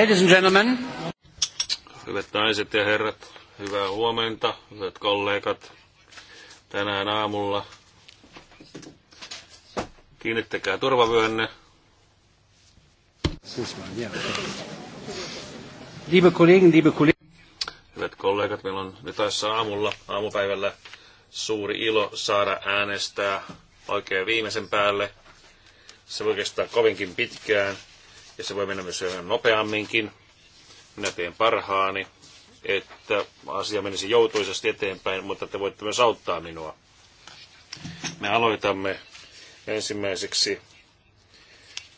Ladies and gentlemen. Hyvät naiset ja herrat, hyvää huomenta, hyvät kollegat. Tänään aamulla kiinnittäkää turvavyönne. Liebe Kollegen, liebe Kollegen. Hyvät kollegat, meillä on nyt tässä aamulla, aamupäivällä suuri ilo saada äänestää oikein viimeisen päälle. Se voi kestää kovinkin pitkään ja se voi mennä myös nopeamminkin. Minä teen parhaani, että asia menisi joutuisesti eteenpäin, mutta te voitte myös auttaa minua. Me aloitamme ensimmäiseksi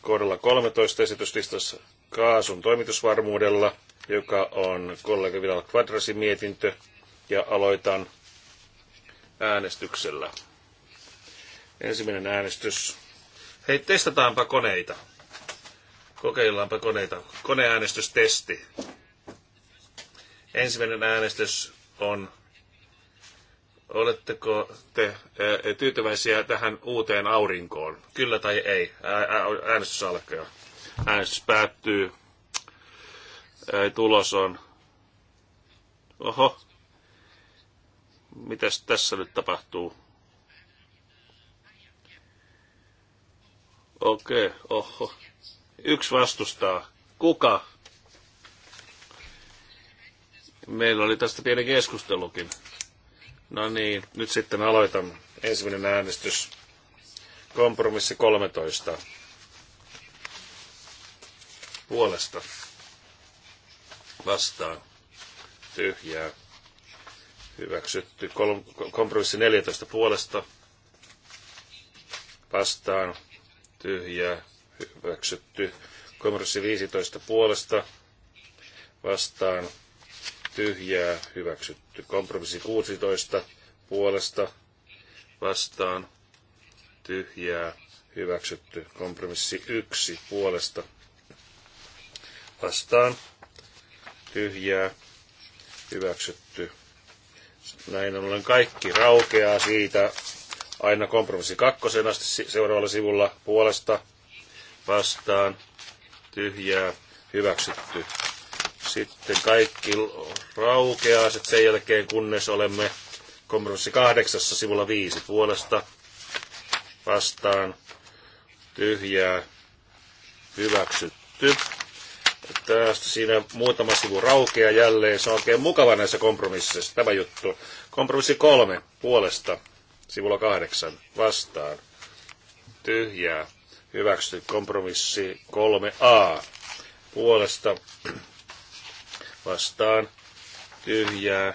kohdalla 13 esityslistassa kaasun toimitusvarmuudella, joka on kollega Vidal Quadrasin mietintö, ja aloitan äänestyksellä. Ensimmäinen äänestys. Hei, testataanpa koneita. Kokeillaanpa koneita. Koneäänestystesti. Ensimmäinen äänestys on, oletteko te tyytyväisiä tähän uuteen aurinkoon? Kyllä tai ei. Äänestys alkaa. Äänestys päättyy. Tulos on. Oho. Mitäs tässä nyt tapahtuu? Okei, okay, oho. Yksi vastustaa. Kuka? Meillä oli tästä pieni keskustelukin. No niin, nyt sitten aloitan. Ensimmäinen äänestys. Kompromissi 13. Puolesta. Vastaan. Tyhjää. Hyväksytty. Kompromissi 14 puolesta. Vastaan. Tyhjää hyväksytty. Kompromissi 15 puolesta vastaan tyhjää hyväksytty. Kompromissi 16 puolesta vastaan tyhjää hyväksytty. Kompromissi 1 puolesta vastaan tyhjää hyväksytty. Näin ollen kaikki raukeaa siitä aina kompromissi kakkosen asti seuraavalla sivulla puolesta vastaan tyhjää hyväksytty. Sitten kaikki raukeaa sitten sen jälkeen, kunnes olemme kompromissi kahdeksassa sivulla viisi puolesta vastaan tyhjää hyväksytty. Tästä siinä muutama sivu raukea jälleen. Se on oikein mukava näissä kompromisseissa tämä juttu. Kompromissi kolme puolesta sivulla kahdeksan vastaan. Tyhjää hyväksytty kompromissi 3a puolesta vastaan tyhjää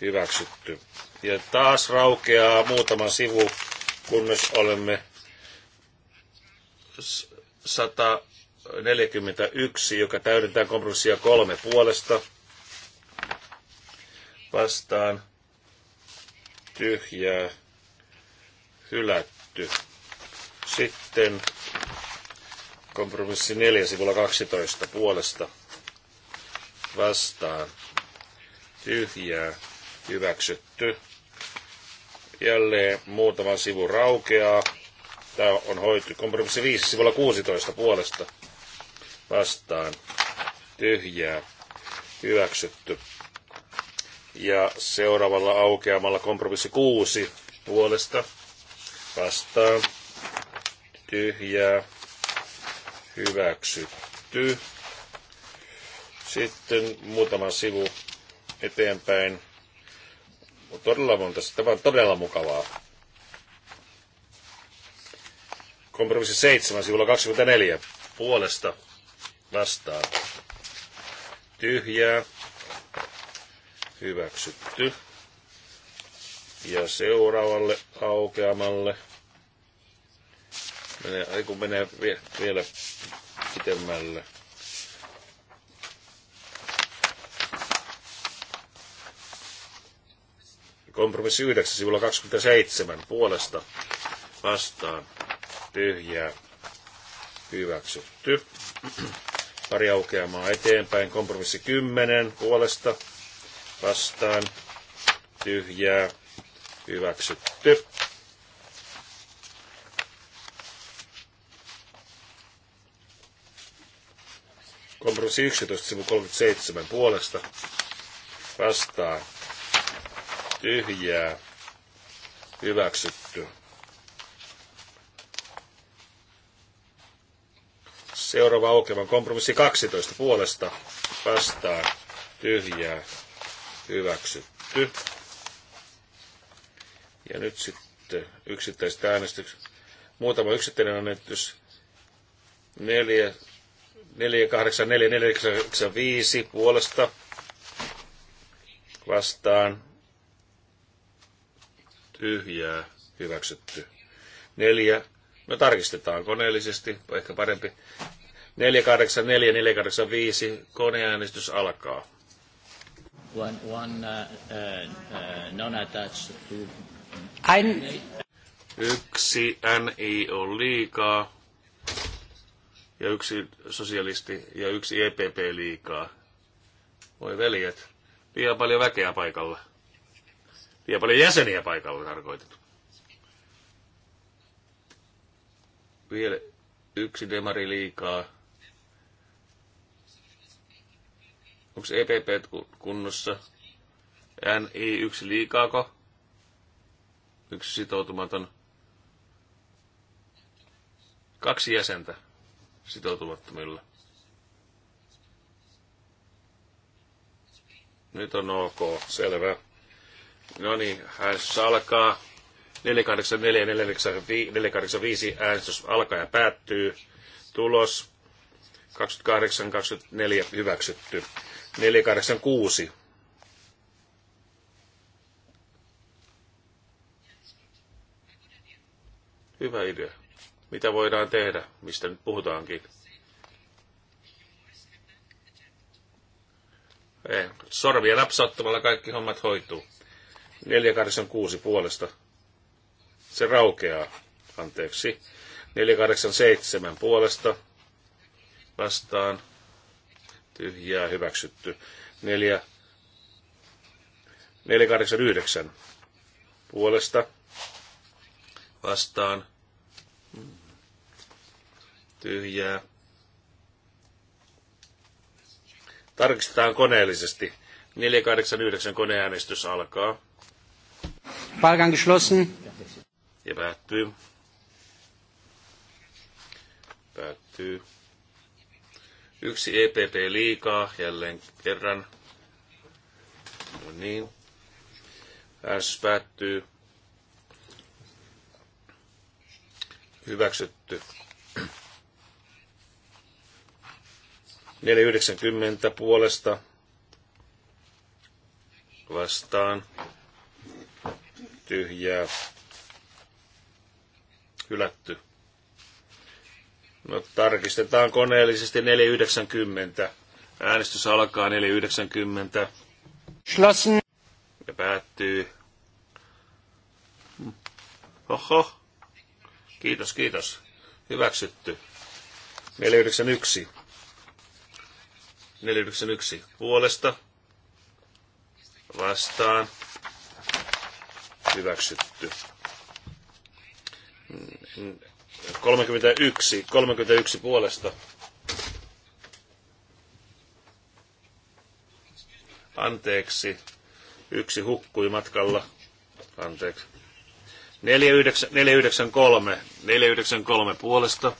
hyväksytty. Ja taas raukeaa muutama sivu, kunnes olemme 141, joka täydentää kompromissia kolme puolesta vastaan tyhjää hylätty. Sitten kompromissi 4 sivulla 12 puolesta vastaan tyhjää hyväksytty. Jälleen muutama sivun raukeaa. Tämä on hoitu kompromissi 5 sivulla 16 puolesta vastaan tyhjää hyväksytty. Ja seuraavalla aukeamalla kompromissi 6 puolesta vastaan tyhjää, hyväksytty. Sitten muutama sivu eteenpäin. Todella monta, tämä on todella mukavaa. Kompromissi 7, sivulla 24. Puolesta vastaan. Tyhjää. Hyväksytty. Ja seuraavalle aukeamalle menee, kun menee vie, vielä pitemmälle. Kompromissi 9, sivulla 27, puolesta vastaan, tyhjää, hyväksytty. Pari aukeamaa eteenpäin, kompromissi 10, puolesta vastaan, tyhjää, hyväksytty. Petrus 11, sivu 37 puolesta vastaa tyhjää hyväksytty. Seuraava aukeman kompromissi 12 puolesta vastaa tyhjää hyväksytty. Ja nyt sitten yksittäiset äänestykset. Muutama yksittäinen äänestys. 4, 484, 485 puolesta vastaan tyhjää hyväksytty. Neljä, no tarkistetaan koneellisesti, ehkä parempi. 484, 485, koneäänestys alkaa. One, one uh, uh, uh non-attached to... Yksi NI on liikaa ja yksi sosialisti ja yksi EPP liikaa. Voi veljet, liian paljon väkeä paikalla. Liian paljon jäseniä paikalla tarkoitettu. Vielä yksi demari liikaa. Onko EPP kunnossa? NI yksi liikaako? Yksi sitoutumaton. Kaksi jäsentä sitoutumattomilla. Nyt on ok, selvä. No niin, äänestys alkaa. 484 485 äänestys alkaa ja päättyy. Tulos 28-24 hyväksytty. 486 Hyvä idea mitä voidaan tehdä, mistä nyt puhutaankin. Eh, sorvia napsauttamalla kaikki hommat hoituu. 486 puolesta. Se raukeaa. Anteeksi. 487 puolesta. Vastaan. Tyhjää hyväksytty. 4, 489 puolesta. Vastaan tyhjää. Tarkistetaan koneellisesti. 489 koneäänestys alkaa. Palkan geschlossen. Ja päättyy. Päättyy. Yksi EPP liikaa jälleen kerran. No niin. Äänestys päättyy. Hyväksytty. 490 puolesta vastaan tyhjää hylätty. No, tarkistetaan koneellisesti 490. Äänestys alkaa 490. Schlossen. Ja päättyy. Oho. Kiitos, kiitos. Hyväksytty. 491 491 puolesta vastaan hyväksytty. 31, 31 puolesta. Anteeksi, yksi hukkui matkalla. Anteeksi. 493, 493 puolesta.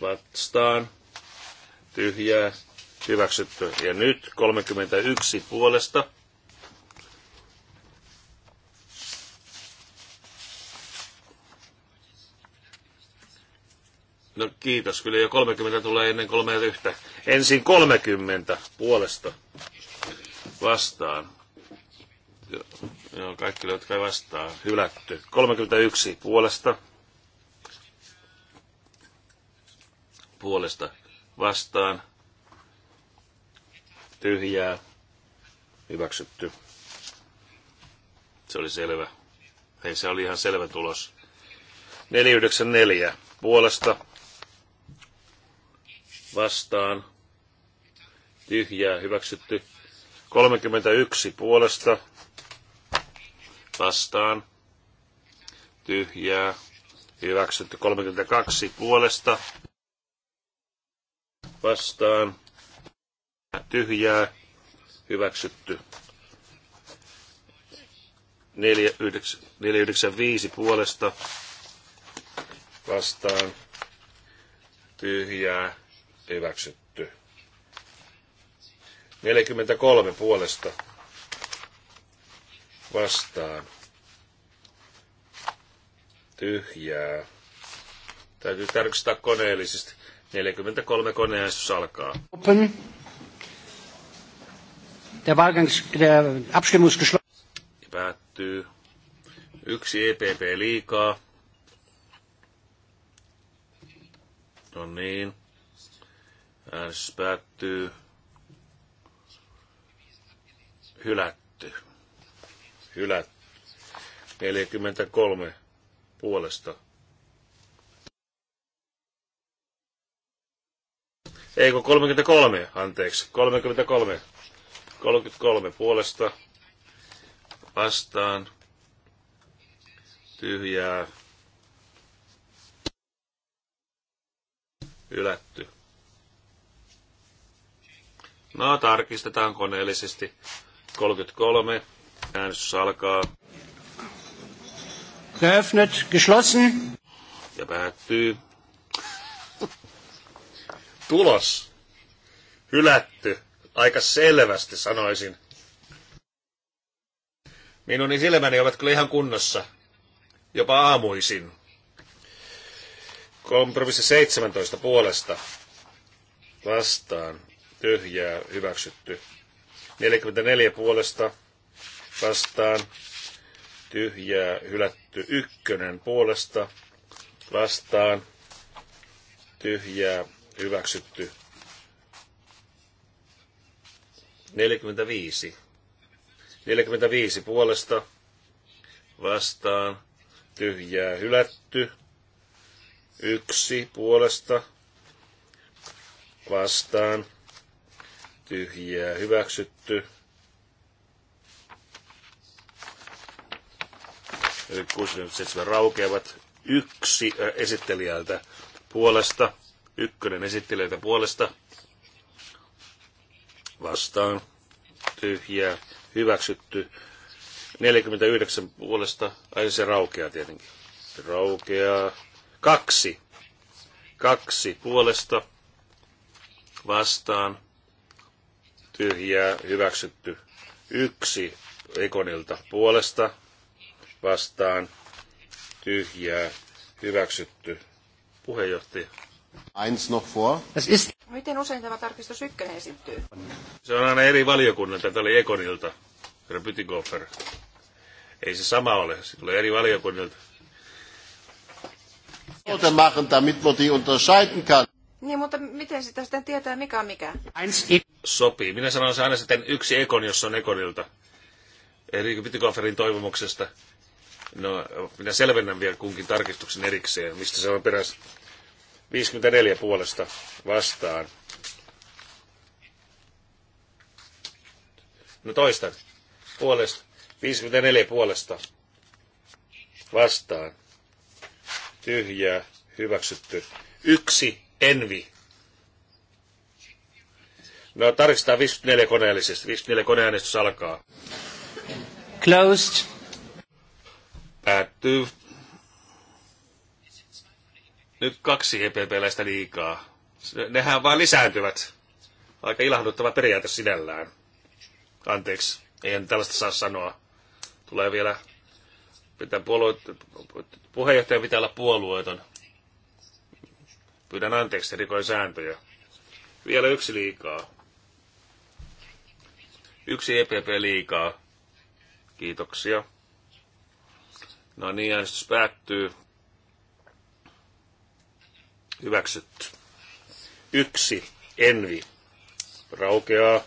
Vastaan tyhjää, hyväksytty. Ja nyt 31 puolesta. No kiitos, kyllä jo 30 tulee ennen 31. Ensin 30 puolesta vastaan. Joo, kaikki jotka ei vastaa, hylätty. 31 puolesta. Puolesta vastaan tyhjää hyväksytty. Se oli selvä. Hei, se oli ihan selvä tulos. 494 puolesta vastaan tyhjää hyväksytty. 31 puolesta vastaan tyhjää hyväksytty. 32 puolesta vastaan tyhjää hyväksytty. 495 puolesta vastaan tyhjää hyväksytty. 43 puolesta vastaan tyhjää. Täytyy tarkistaa koneellisesti. 43 koneäänestys alkaa. Open. Der Wahlgang, der Abstimmung ist geschlossen. Päättyy. Yksi EPP liikaa. No niin. Äänestys päättyy. Hylätty. Hylätty. 43 puolesta Ei kun 33, anteeksi. 33. 33 puolesta vastaan tyhjää ylätty. No, tarkistetaan koneellisesti. 33. Äänestys alkaa. Geöffnet, geschlossen. Ja päättyy tulos hylätty aika selvästi, sanoisin. Minun silmäni ovat kyllä ihan kunnossa, jopa aamuisin. Kompromissi 17 puolesta vastaan tyhjää hyväksytty. 44 puolesta vastaan tyhjää hylätty. Ykkönen puolesta vastaan tyhjää hyväksytty. 45. 45 puolesta vastaan tyhjää hylätty. Yksi puolesta vastaan tyhjää hyväksytty. Eli 67 raukeavat yksi äh, esittelijältä puolesta Ykkönen esittelijöitä puolesta. Vastaan. Tyhjää. Hyväksytty. 49 puolesta. Ai se raukeaa tietenkin. Se raukeaa. Kaksi. Kaksi puolesta. Vastaan. Tyhjää. Hyväksytty. Yksi Ekonilta puolesta. Vastaan. Tyhjää. Hyväksytty. Puheenjohtaja. Eins noch vor. Das ist... Miten usein tämä tarkistus ykkönen esittyy? Se on aina eri valiokunnan. Tätä oli Ekonilta, Repytikoffer. Ei se sama ole, se tulee eri valiokunnilta. Sollte machen, damit man die unterscheiden kann. Niin, mutta miten sitä sitten tietää, mikä on mikä? Sopii. Minä sanon se aina sitten yksi Ekon, jos on Ekonilta. Eri Pytikoferin toivomuksesta. No, minä selvennän vielä kunkin tarkistuksen erikseen, mistä se on peräisin. 54 puolesta vastaan. No toistan. Puolesta. 54 puolesta vastaan. Tyhjää, hyväksytty. Yksi, envi. No tarkistetaan 54 koneellisesti. 54 koneäänestys alkaa. Closed. Päättyy nyt kaksi EPP-läistä liikaa. Nehän vaan lisääntyvät. Aika ilahduttava periaate sinällään. Anteeksi, en tällaista saa sanoa. Tulee vielä, pitää puolue, puheenjohtaja pitää olla puolueeton. Pyydän anteeksi, rikoin sääntöjä. Vielä yksi liikaa. Yksi EPP liikaa. Kiitoksia. No niin, äänestys päättyy. Hyväksytty. Yksi. Envi. Raukeaa.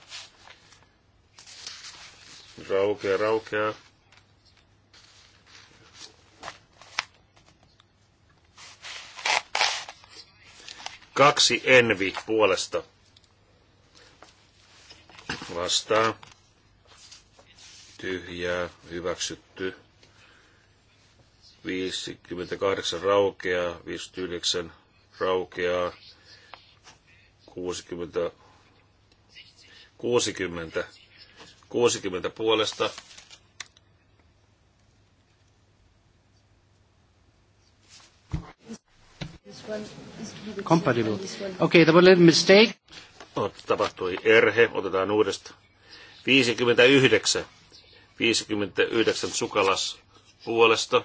Raukeaa, raukeaa. Kaksi envi puolesta. Vastaa. Tyhjää, hyväksytty. 58 raukeaa, 59 raukeaa 60, 60, 60 puolesta. Compatible. Okei, okay, mistake. No, tapahtui erhe, otetaan uudestaan. 59. 59 sukalas puolesta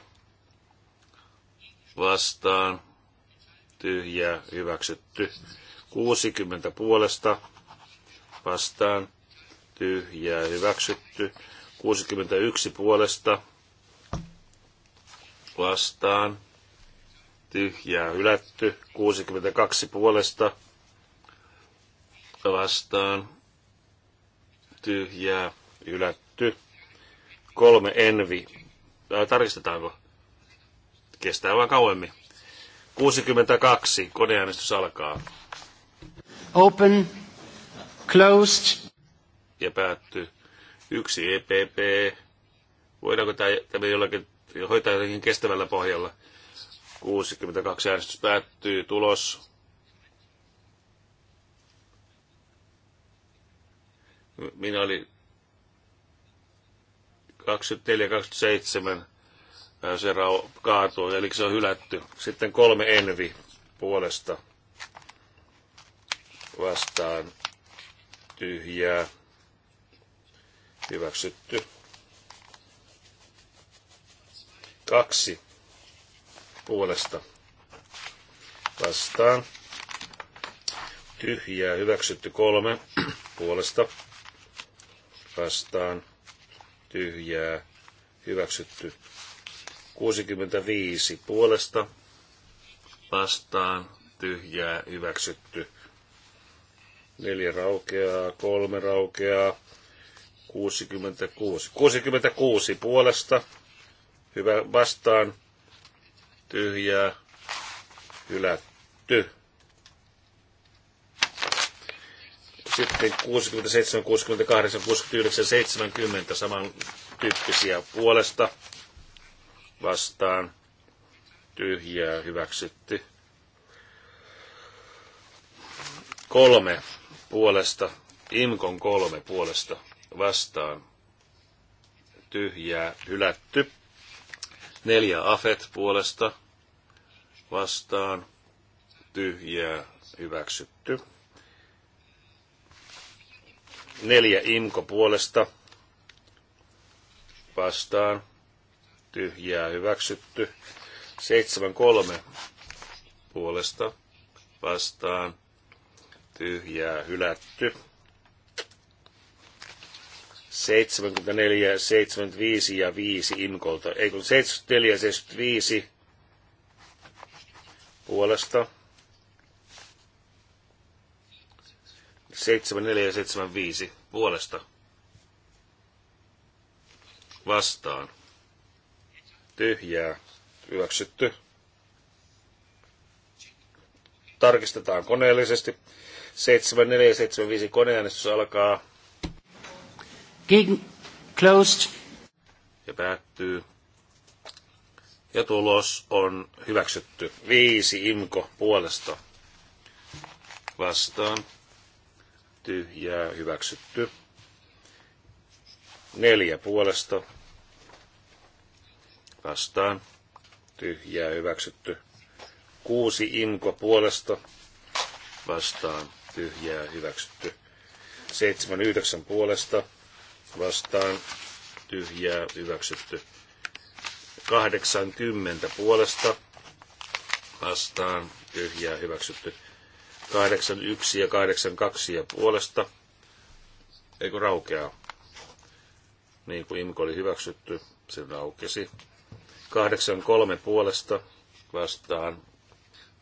vastaan tyhjää hyväksytty. 60 puolesta vastaan tyhjää hyväksytty. 61 puolesta vastaan tyhjää hylätty. 62 puolesta vastaan tyhjää hylätty. Kolme envi. Tarkistetaanko? Kestää vaan kauemmin. 62. Koneäänestys alkaa. Open. Closed. Ja päättyy. Yksi EPP. Voidaanko tämä jollakin hoitaa jotenkin kestävällä pohjalla? 62 äänestys päättyy. Tulos. Minä olin 24-27 se kaatuu, eli se on hylätty. Sitten kolme envi puolesta vastaan tyhjää hyväksytty. Kaksi puolesta vastaan tyhjää hyväksytty kolme puolesta vastaan tyhjää hyväksytty 65 puolesta vastaan tyhjää hyväksytty. Neljä raukeaa, kolme raukeaa, 66. 66 puolesta hyvä vastaan tyhjää hylätty. Sitten 67, 68, 69, 70 samantyyppisiä puolesta vastaan tyhjää hyväksytty. Kolme puolesta, Imkon kolme puolesta vastaan tyhjää hylätty. Neljä Afet puolesta vastaan tyhjää hyväksytty. Neljä Imko puolesta vastaan tyhjää hyväksytty. 7.3 puolesta vastaan tyhjää hylätty. 74, 75 ja 5 Inkolta. Ei kun 74, 75 puolesta. 74 ja 75 puolesta vastaan tyhjää hyväksytty. Tarkistetaan koneellisesti. 7475 koneäänestys alkaa. Gegen closed. Ja päättyy. Ja tulos on hyväksytty. Viisi imko puolesta. Vastaan. Tyhjää hyväksytty. Neljä puolesta vastaan. Tyhjää hyväksytty. Kuusi inko puolesta vastaan. Tyhjää hyväksytty. Seitsemän yhdeksän puolesta vastaan. Tyhjää hyväksytty. kymmentä puolesta vastaan. Tyhjää hyväksytty. yksi ja kaksi ja puolesta. Eikö raukeaa? Niin kuin Imko oli hyväksytty, se raukesi. 83 puolesta vastaan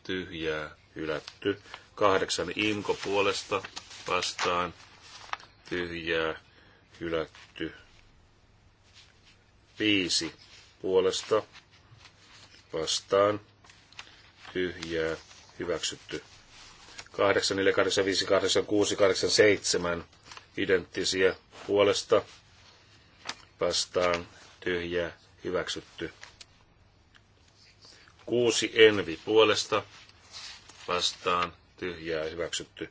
tyhjää hylätty. 8 Inko puolesta vastaan tyhjää hylätty. 5 puolesta vastaan tyhjää hyväksytty. 8, 4, 8, 5, 8, 6, 8, 7 identtisiä puolesta vastaan tyhjää hyväksytty. Kuusi envi puolesta vastaan tyhjää hyväksytty.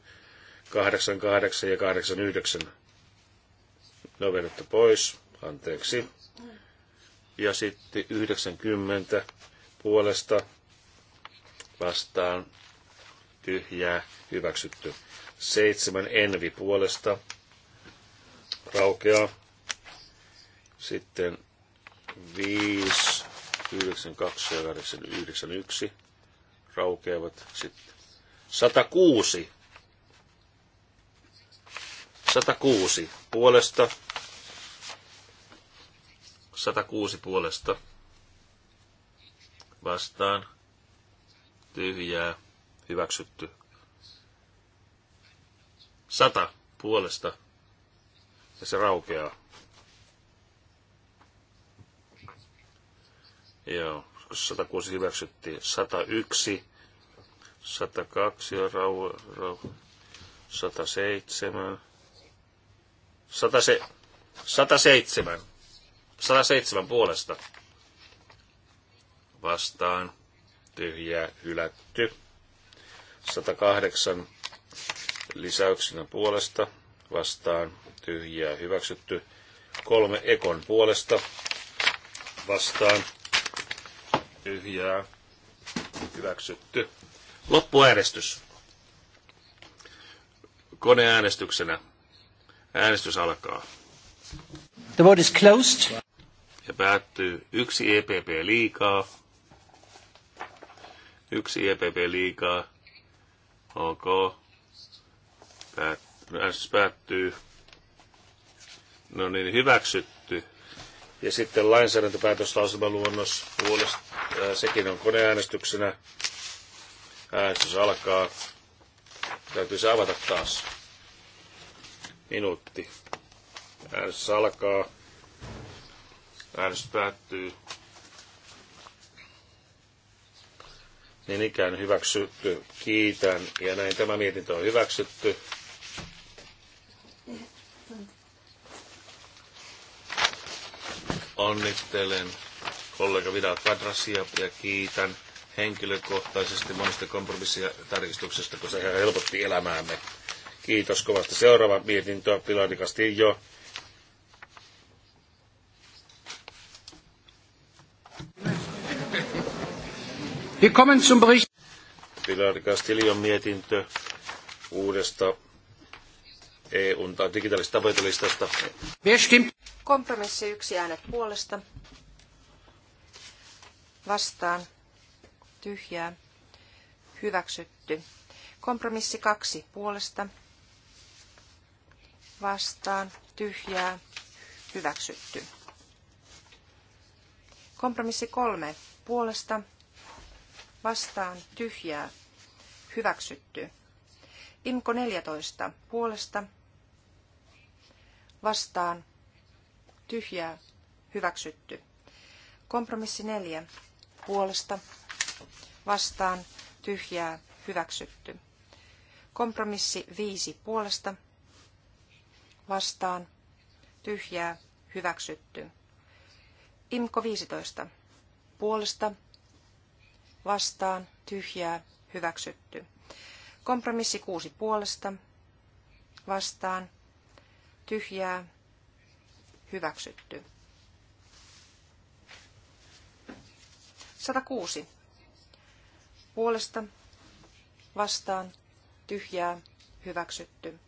88 ja 89 ne on pois, anteeksi. Ja sitten 90 puolesta vastaan tyhjää hyväksytty. Seitsemän envi puolesta raukeaa. Sitten viisi 92 ja 91 raukeavat sitten. 106. 106 puolesta. 106 puolesta. Vastaan. Tyhjää. Hyväksytty. 100 puolesta. Ja se raukeaa. Joo, 106 hyväksyttiin. 101, 102 on rauha, rauha 107, 100, 107, 107 puolesta vastaan tyhjää hylätty. 108 lisäyksinä puolesta vastaan tyhjää hyväksytty. Kolme ekon puolesta vastaan tyhjää, hyväksytty. Loppuäänestys. Koneäänestyksenä. Äänestys alkaa. The vote is closed. Ja päättyy yksi EPP liikaa. Yksi EPP liikaa. Ok. Päät, äänestys päättyy. No niin, hyväksytty. Ja sitten lainsäädäntöpäätöslauselmaluonnos puolesta, äh, sekin on koneäänestyksenä. Äänestys alkaa. Täytyy se avata taas. Minuutti. Äänestys alkaa. Äänestys päättyy. Niin ikään hyväksytty. Kiitän. Ja näin tämä mietintö on hyväksytty. Onnittelen kollega Vidal Quadrasia ja kiitän henkilökohtaisesti monista kompromissia tarkistuksesta, koska se helpotti elämäämme. Kiitos kovasti. Seuraava mietintö pilarikasti jo. Wir zum Bericht. Pilar Castillon mietintö uudesta EUn digitaalista tavoitelistasta. Wer stimmt? Kompromissi yksi äänet puolesta. Vastaan. Tyhjää. Hyväksytty. Kompromissi kaksi puolesta. Vastaan. Tyhjää. Hyväksytty. Kompromissi kolme puolesta. Vastaan. Tyhjää. Hyväksytty. Imko 14 puolesta. Vastaan tyhjää hyväksytty. Kompromissi neljä puolesta vastaan tyhjää hyväksytty. Kompromissi viisi puolesta vastaan tyhjää hyväksytty. Imko 15 puolesta vastaan tyhjää hyväksytty. Kompromissi kuusi puolesta vastaan tyhjää hyväksytty. 106. Puolesta, vastaan, tyhjää, hyväksytty.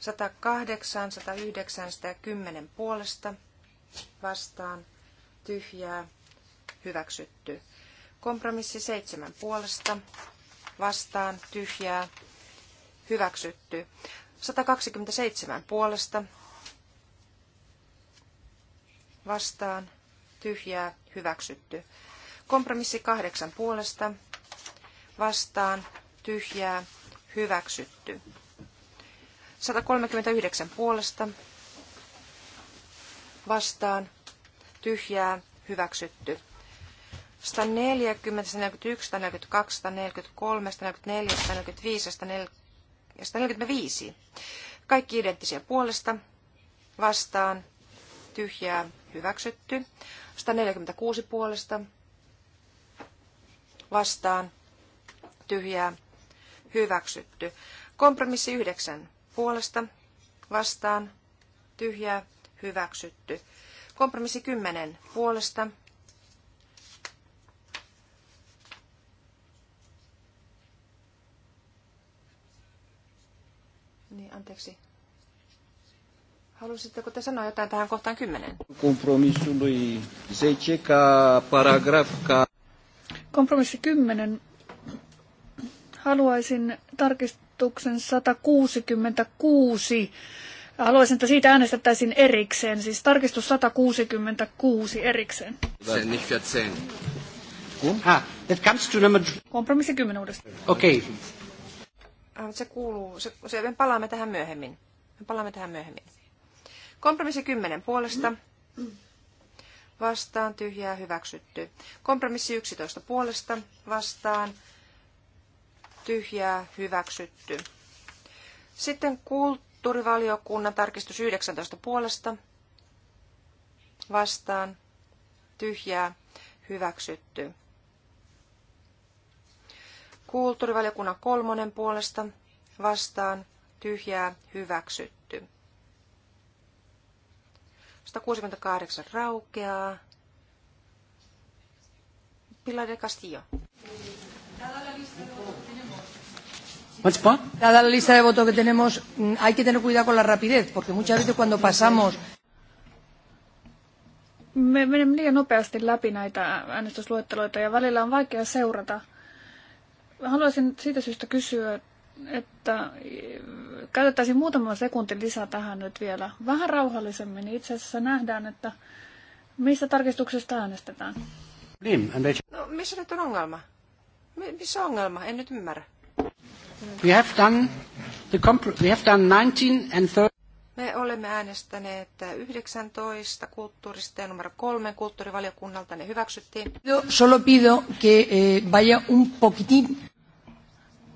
108, 109, 110 puolesta, vastaan, tyhjää, hyväksytty. Kompromissi 7 puolesta, vastaan, tyhjää, hyväksytty. 127 puolesta, vastaan, tyhjää, hyväksytty. Kompromissi kahdeksan puolesta, vastaan, tyhjää, hyväksytty. 139 puolesta, vastaan, tyhjää, hyväksytty. 140, 141, 142, 143, 144, 145 ja 145. Kaikki identtisiä puolesta, vastaan, tyhjää, hyväksytty. 146 puolesta vastaan tyhjää hyväksytty. Kompromissi 9 puolesta vastaan tyhjää hyväksytty. Kompromissi 10 puolesta Niin, anteeksi. Haluaisitteko te sanoa jotain tähän kohtaan kymmenen? Kompromissului 10 ca Kompromissi 10. Haluaisin tarkistuksen 166. Haluaisin, että siitä äänestettäisiin erikseen, siis tarkistus 166 erikseen. Sen, nicht 14. Kun? that comes to number... Kompromissi 10 uudestaan. Okei. Okay. Ah, se kuuluu, se, se, me palaamme tähän myöhemmin. Me palaamme tähän myöhemmin. Kompromissi 10 puolesta. Vastaan tyhjää hyväksytty. Kompromissi 11 puolesta. Vastaan tyhjää hyväksytty. Sitten kulttuurivaliokunnan tarkistus 19 puolesta. Vastaan tyhjää hyväksytty. Kulttuurivaliokunnan kolmonen puolesta vastaan tyhjää hyväksytty. 168 raukeaa. Pilar de Castillo. Dada la lista de votos que tenemos, mm, hay que tener cuidado con la rapidez, porque muchas veces cuando pasamos... Me menemme liian nopeasti läpi näitä äänestysluetteloita ja välillä on vaikea seurata. Haluaisin siitä syystä kysyä, että eh, käytettäisiin muutama sekunti lisää tähän nyt vielä vähän rauhallisemmin, niin itse asiassa nähdään, että missä tarkistuksesta äänestetään. Niin, no, missä nyt on ongelma? Missä ongelma? En nyt ymmärrä. We have done, the we have done 19 and 30. Me olemme äänestäneet 19 kulttuurista ja numero 3 kulttuurivaliokunnalta ne hyväksyttiin. Solo pido que eh, vaya un poquitín.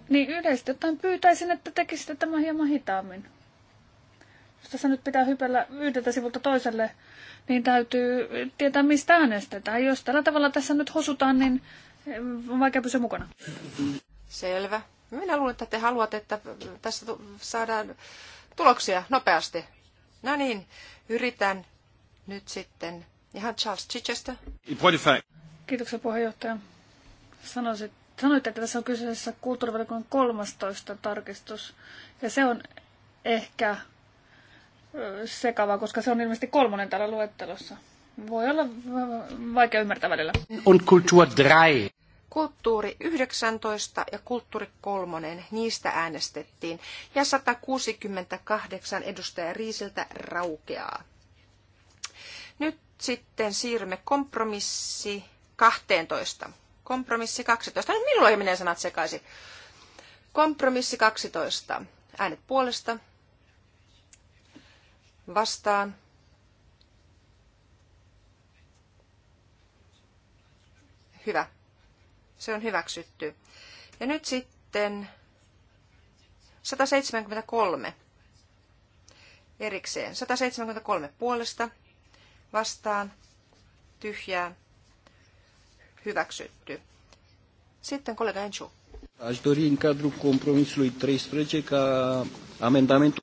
Niin yleisesti ottaen pyytäisin, että tekisitte tämän hieman hitaammin. Jos tässä nyt pitää hypellä yhdeltä sivulta toiselle, niin täytyy tietää, mistä äänestetään. Jos tällä tavalla tässä nyt hosutaan, niin on vaikea pysyä mukana. Selvä. Minä luulen, että te haluatte, että tässä saadaan tuloksia nopeasti. No niin, yritän nyt sitten. Ihan Charles Chichester. Kiitoksia puheenjohtaja. Sanoisin, sanoitte, että tässä on kyseessä kulttuurivaliokunnan 13 tarkistus, ja se on ehkä sekava, koska se on ilmeisesti kolmonen täällä luettelossa. Voi olla vaikea ymmärtää välillä. On kulttuur 3. Kulttuuri 19 ja kulttuuri 3, niistä äänestettiin. Ja 168 edustaja Riisiltä raukeaa. Nyt sitten siirrymme kompromissi 12. Kompromissi 12. Nyt minulla ei mene sanat sekaisin. Kompromissi 12. Äänet puolesta. Vastaan. Hyvä. Se on hyväksytty. Ja nyt sitten 173 erikseen. 173 puolesta vastaan tyhjää hyväksytty. Sitten kollega Enchu. Aș cadrul compromisului 13 ca amendamentul...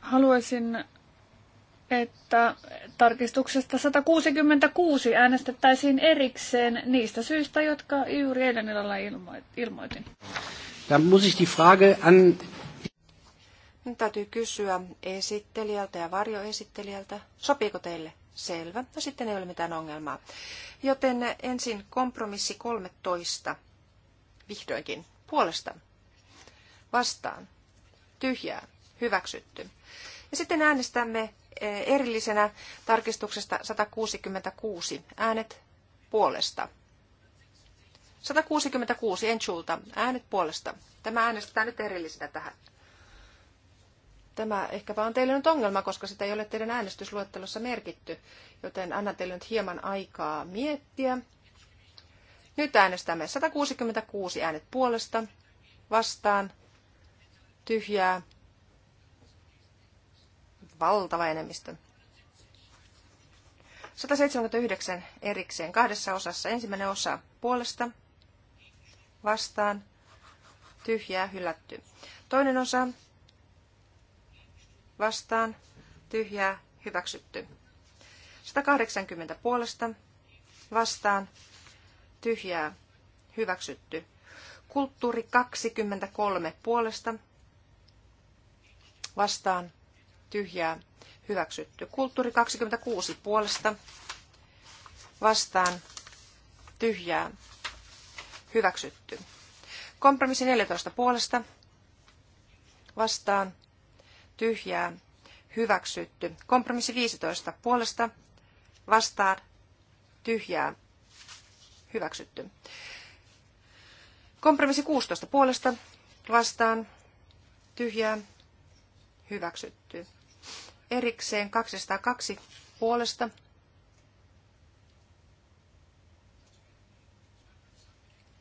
Haluaisin, että tarkistuksesta 166 äänestettäisiin erikseen niistä syistä, jotka juuri eilen illalla ilmoitin. Dann muss ich die Frage an... täytyy kysyä esittelijältä ja varjoesittelijältä. Sopiiko teille? Selvä. No sitten ei ole mitään ongelmaa. Joten ensin kompromissi 13. Vihdoinkin. Puolesta. Vastaan. Tyhjää. Hyväksytty. Ja sitten äänestämme e, erillisenä tarkistuksesta 166. Äänet puolesta. 166 Enchulta. Äänet puolesta. Tämä äänestetään nyt erillisenä tähän tämä ehkäpä on teille nyt ongelma, koska sitä ei ole teidän äänestysluettelossa merkitty, joten annan teille nyt hieman aikaa miettiä. Nyt äänestämme 166 äänet puolesta, vastaan, tyhjää, valtava enemmistö. 179 erikseen kahdessa osassa. Ensimmäinen osa puolesta, vastaan, tyhjää, hylätty. Toinen osa vastaan, tyhjää, hyväksytty. 180 puolesta, vastaan, tyhjää, hyväksytty. Kulttuuri 23 puolesta, vastaan, tyhjää, hyväksytty. Kulttuuri 26 puolesta, vastaan, tyhjää, hyväksytty. Kompromissi 14 puolesta, vastaan, tyhjää hyväksytty. Kompromissi 15 puolesta vastaan tyhjää hyväksytty. Kompromissi 16 puolesta vastaan tyhjää hyväksytty. Erikseen 202 puolesta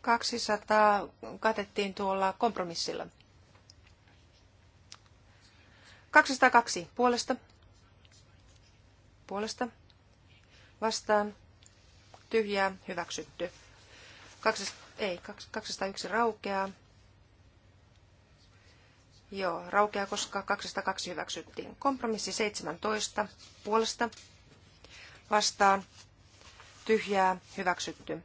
kaksisataa katettiin tuolla kompromissilla. 202 puolesta. Puolesta. Vastaan. Tyhjää. Hyväksytty. 2, ei, 201 raukeaa. Joo, raukeaa, koska 202 hyväksyttiin. Kompromissi 17 puolesta. Vastaan. Tyhjää. Hyväksytty.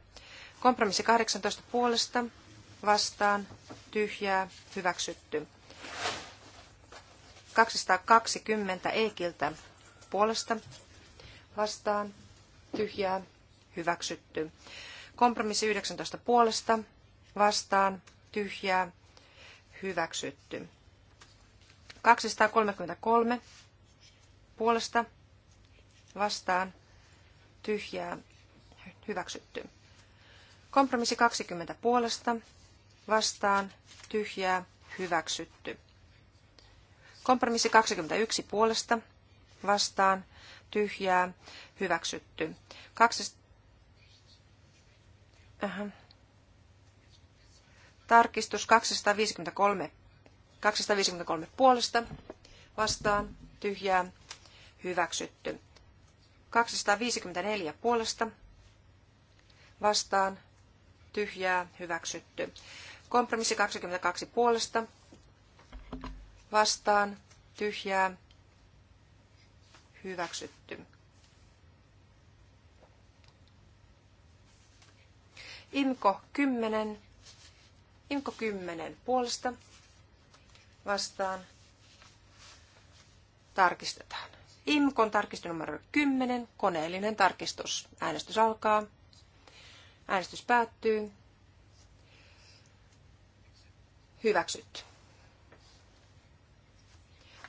Kompromissi 18 puolesta. Vastaan. Tyhjää. Hyväksytty. 220 Eekiltä puolesta vastaan tyhjää hyväksytty. Kompromissi 19 puolesta vastaan tyhjää hyväksytty. 233 puolesta vastaan tyhjää hyväksytty. Kompromissi 20 puolesta vastaan tyhjää hyväksytty. Kompromissi 21 puolesta vastaan tyhjää hyväksytty. Kaksi... Aha. Tarkistus 253, 253 puolesta vastaan tyhjää hyväksytty. 254 puolesta vastaan tyhjää hyväksytty. Kompromissi 22 puolesta vastaan, tyhjää, hyväksytty. Imko 10, Imko 10 puolesta vastaan tarkistetaan. Imkon tarkistusnumero 10, koneellinen tarkistus. Äänestys alkaa. Äänestys päättyy. Hyväksytty.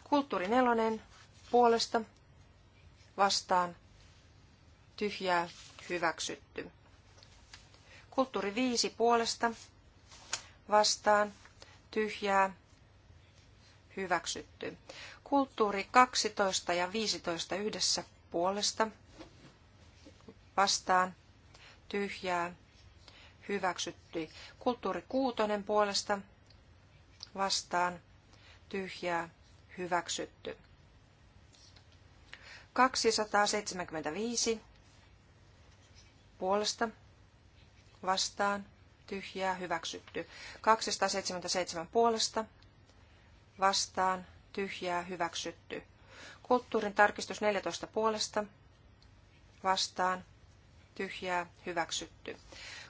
Kulttuuri nelonen puolesta vastaan tyhjää hyväksytty. Kulttuuri viisi puolesta vastaan tyhjää hyväksytty. Kulttuuri 12 ja 15 yhdessä puolesta vastaan tyhjää hyväksytty. Kulttuuri kuutonen puolesta vastaan tyhjää hyväksytty. 275 puolesta vastaan tyhjää hyväksytty. 277 puolesta vastaan tyhjää hyväksytty. Kulttuurin tarkistus 14 puolesta vastaan tyhjää hyväksytty.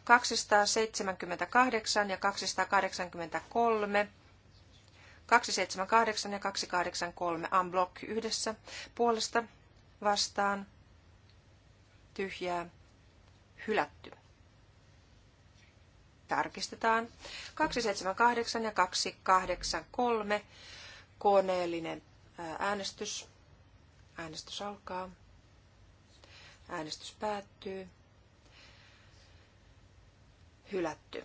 278 ja 283 278 ja 283 unblock yhdessä puolesta vastaan tyhjää hylätty. Tarkistetaan. 278 ja 283 koneellinen äänestys. Äänestys alkaa. Äänestys päättyy. Hylätty.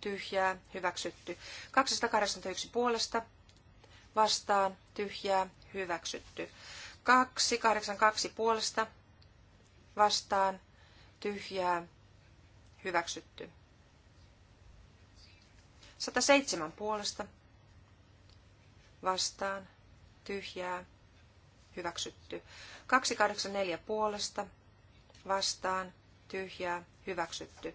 tyhjää, hyväksytty. 281 puolesta, vastaan, tyhjää, hyväksytty. 282 puolesta, vastaan, tyhjää, hyväksytty. 107 puolesta, vastaan, tyhjää, hyväksytty. 284 puolesta, vastaan, tyhjää, hyväksytty.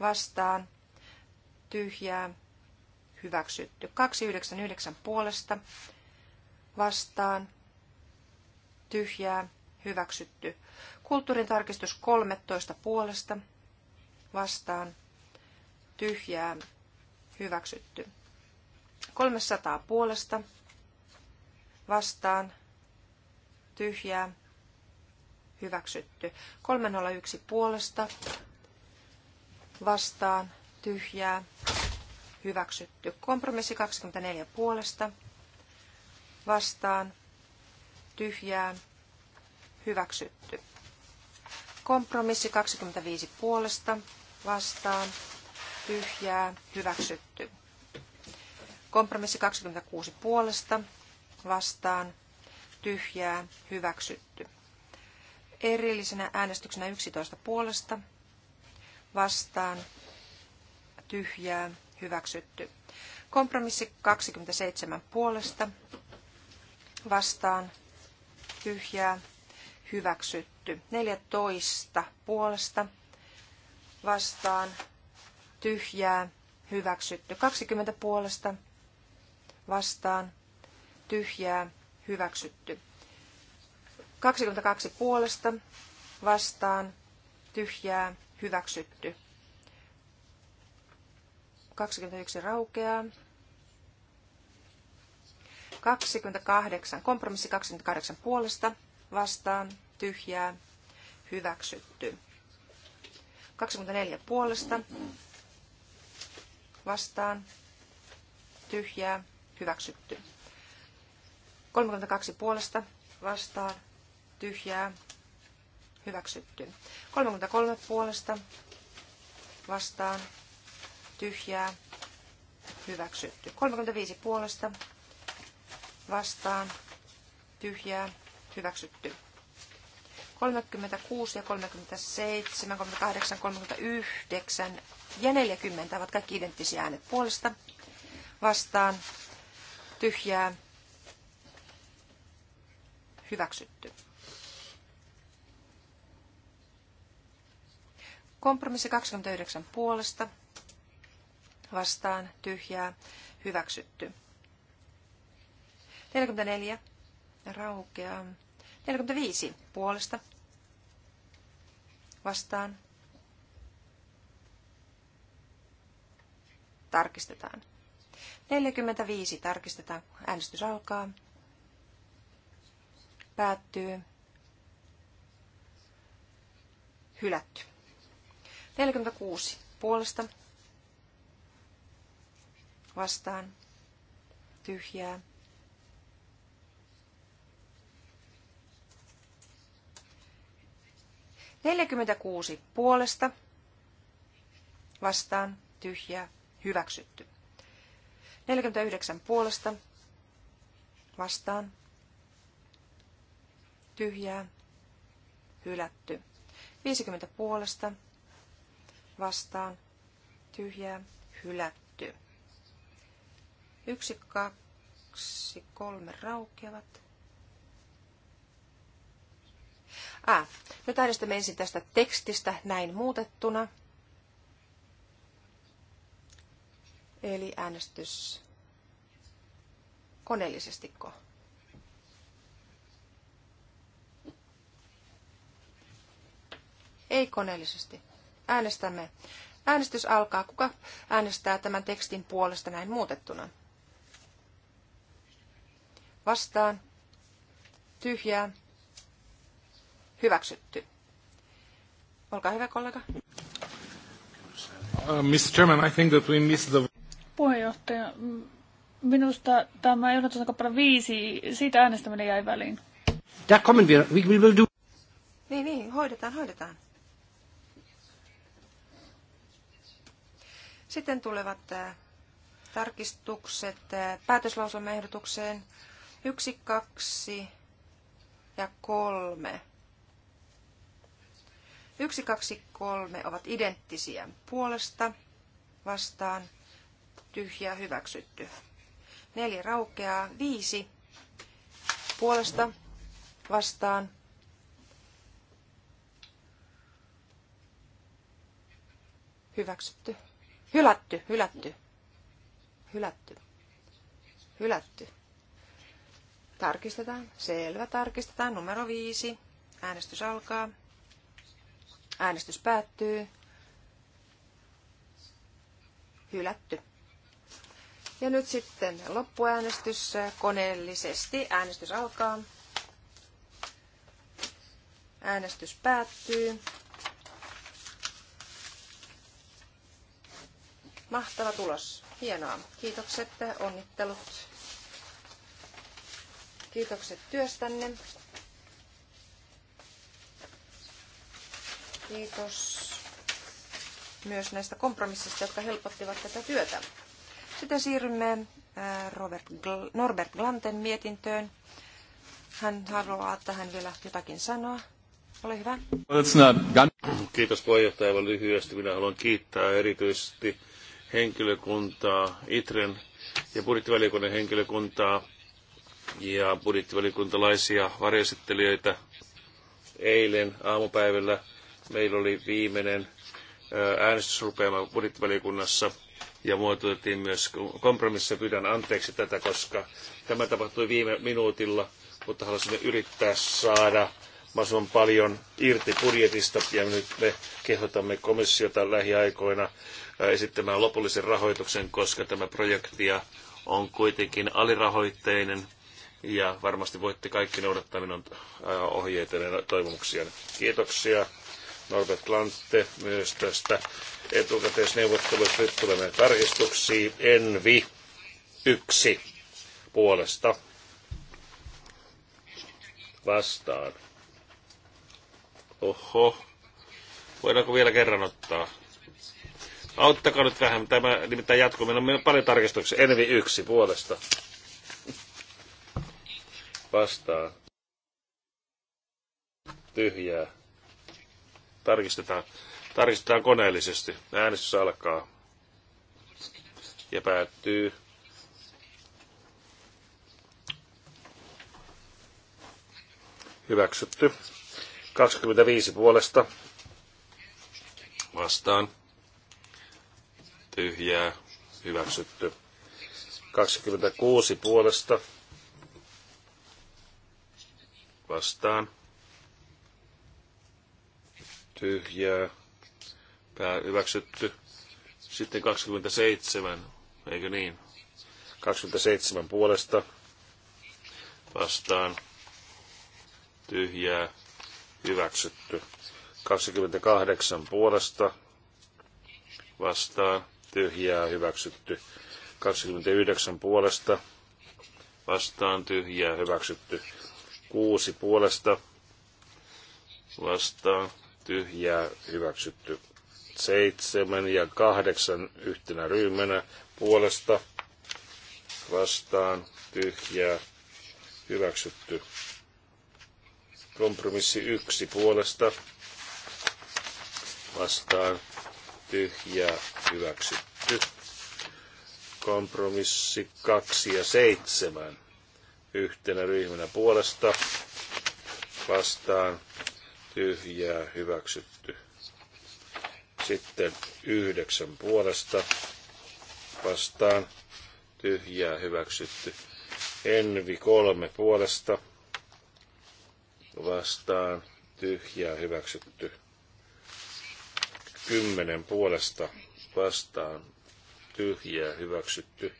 vastaan, tyhjää, hyväksytty. 299 puolesta vastaan, tyhjää, hyväksytty. Kulttuurin tarkistus 13 puolesta vastaan, tyhjää, hyväksytty. 300 puolesta vastaan, tyhjää, hyväksytty. 301 puolesta vastaan, tyhjää, hyväksytty. Kompromissi 24 puolesta, vastaan, tyhjää, hyväksytty. Kompromissi 25 puolesta, vastaan, tyhjää, hyväksytty. Kompromissi 26 puolesta, vastaan, tyhjää, hyväksytty. Erillisenä äänestyksenä 11 puolesta, vastaan tyhjää hyväksytty. Kompromissi 27 puolesta vastaan tyhjää hyväksytty. 14 puolesta vastaan tyhjää hyväksytty. 20 puolesta vastaan tyhjää hyväksytty. 22 puolesta vastaan tyhjää hyväksytty. 21 raukeaa. 28, kompromissi 28 puolesta, vastaan, tyhjää, hyväksytty. 24 puolesta, vastaan, tyhjää, hyväksytty. 32 puolesta, vastaan, tyhjää, hyväksytty. 33 puolesta vastaan tyhjää hyväksytty. 35 puolesta vastaan tyhjää hyväksytty. 36 ja 37, 38, 39 ja 40 ovat kaikki identtisiä äänet puolesta vastaan tyhjää hyväksytty. Kompromissi 29 puolesta vastaan tyhjää hyväksytty. 44 raukeaa. 45 puolesta vastaan tarkistetaan. 45 tarkistetaan. Äänestys alkaa. Päättyy. Hylätty. 46 puolesta vastaan tyhjää. 46 puolesta vastaan tyhjää hyväksytty. 49 puolesta vastaan tyhjää hylätty. 50 puolesta vastaan tyhjää hylätty. Yksi, kaksi, kolme raukeavat. Ah, nyt äänestämme ensin tästä tekstistä näin muutettuna. Eli äänestys koneellisestiko. Ei koneellisesti. Äänestämme. Äänestys alkaa. Kuka äänestää tämän tekstin puolesta näin muutettuna? Vastaan. Tyhjää. Hyväksytty. Olkaa hyvä, kollega. Uh, Mr. Chairman, I think that we missed the... Puheenjohtaja, minusta tämä ehdotus kappale viisi, siitä äänestäminen jäi väliin. Da kommen We will do... Niin, niin, hoidetaan, hoidetaan. Sitten tulevat tarkistukset päätöslauselmaehdotukseen 1, 2 ja 3. 1, 2, 3 ovat identtisiä puolesta, vastaan, tyhjä, hyväksytty. Neljä raukeaa, viisi puolesta, vastaan, hyväksytty. Hylätty, hylätty, hylätty, hylätty. Tarkistetaan. Selvä, tarkistetaan. Numero viisi. Äänestys alkaa. Äänestys päättyy. Hylätty. Ja nyt sitten loppuäänestys koneellisesti. Äänestys alkaa. Äänestys päättyy. Mahtava tulos. Hienoa. Kiitokset, onnittelut. Kiitokset työstänne. Kiitos myös näistä kompromissista, jotka helpottivat tätä työtä. Sitten siirrymme äh, Robert Gl- Norbert Glanten mietintöön. Hän haluaa tähän vielä jotakin sanoa. Ole hyvä. Kiitos puheenjohtaja. lyhyesti minä haluan kiittää erityisesti henkilökuntaa, ITREN ja budjettivaliokunnan henkilökuntaa ja budjettivaliokuntalaisia varjoesittelijöitä. Eilen aamupäivällä meillä oli viimeinen äänestysrupeama budjettivaliokunnassa ja muotoiltiin myös kompromissia. Pyydän anteeksi tätä, koska tämä tapahtui viime minuutilla, mutta halusimme yrittää saada mahdollisimman paljon irti budjetista ja nyt me kehotamme komissiota lähiaikoina esittämään lopullisen rahoituksen, koska tämä projekti on kuitenkin alirahoitteinen ja varmasti voitte kaikki noudattaa minun ohjeita ja toivomuksia. Kiitoksia Norbert Lantte myös tästä etukäteisneuvottelusta. Nyt tulemme tarkistuksiin. Envi yksi puolesta vastaan. Oho. Voidaanko vielä kerran ottaa? Auttakaa nyt vähän, tämä nimittäin jatkuu. Meillä on meillä paljon tarkistuksia. Envi yksi puolesta. vastaa Tyhjää. Tarkistetaan. Tarkistetaan koneellisesti. Äänestys alkaa. Ja päättyy. Hyväksytty. 25 puolesta. Vastaan tyhjää, hyväksytty. 26 puolesta vastaan, tyhjää, pää hyväksytty. Sitten 27, eikö niin? 27 puolesta vastaan, tyhjää, hyväksytty. 28 puolesta vastaan, tyhjää hyväksytty. 29 puolesta vastaan tyhjää hyväksytty. 6 puolesta vastaan tyhjää hyväksytty. 7 ja 8 yhtenä ryhmänä puolesta vastaan tyhjää hyväksytty. Kompromissi 1 puolesta vastaan tyhjä hyväksytty. Kompromissi 2 ja 7 yhtenä ryhmänä puolesta vastaan tyhjää hyväksytty. Sitten yhdeksän puolesta vastaan tyhjää hyväksytty. Envi kolme puolesta vastaan tyhjää hyväksytty. 10 puolesta vastaan tyhjää hyväksytty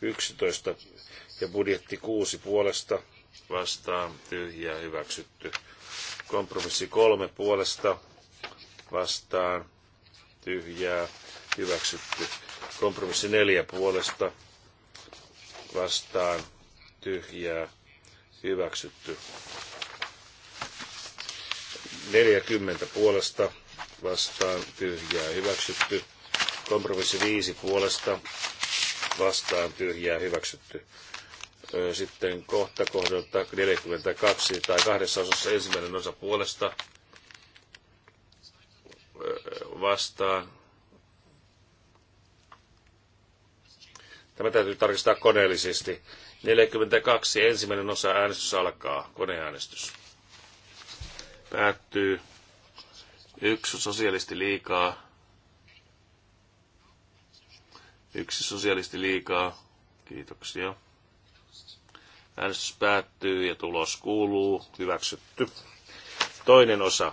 11 ja budjetti 6 puolesta vastaan tyhjää hyväksytty. Kompromissi 3 puolesta vastaan tyhjää hyväksytty. Kompromissi 4 puolesta vastaan tyhjää hyväksytty. 40 puolesta vastaan tyhjää hyväksytty. Kompromissi 5 puolesta vastaan tyhjää hyväksytty. Sitten kohta kohdalta 42 tai kahdessa osassa ensimmäinen osa puolesta vastaan. Tämä täytyy tarkistaa koneellisesti. 42 ensimmäinen osa äänestys alkaa, koneäänestys. Päättyy. Yksi sosialisti liikaa. Yksi sosialisti liikaa. Kiitoksia. Äänestys päättyy ja tulos kuuluu. Hyväksytty. Toinen osa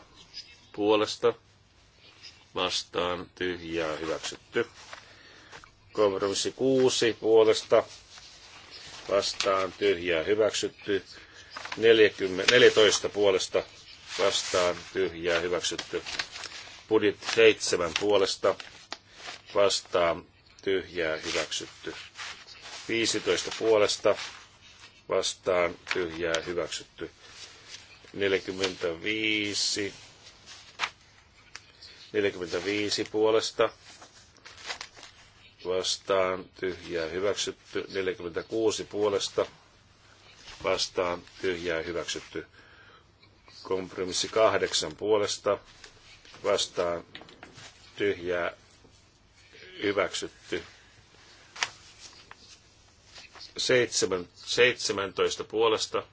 puolesta vastaan tyhjää hyväksytty. Kompromissi kuusi puolesta vastaan tyhjää hyväksytty. 40, 14 puolesta vastaan tyhjää hyväksytty. Budjet 7 puolesta vastaan tyhjää hyväksytty. 15 puolesta vastaan tyhjää hyväksytty. 45 45 puolesta vastaan tyhjää hyväksytty. 46 puolesta vastaan tyhjää hyväksytty. Kompromissi kahdeksan puolesta vastaan tyhjää hyväksytty. 17 puolesta.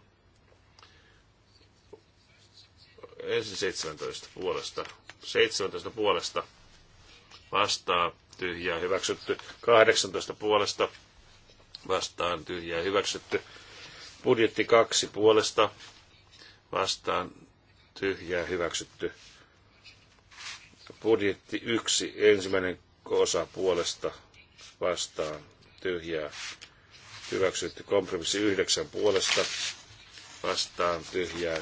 Ensin 17 puolesta. 17 puolesta vastaan tyhjää hyväksytty. 18 puolesta vastaan tyhjää hyväksytty. Budjetti 2 puolesta vastaan tyhjää hyväksytty. Budjetti yksi ensimmäinen osa puolesta vastaan, tyhjää hyväksytty. Kompromissi yhdeksän puolesta vastaan, tyhjää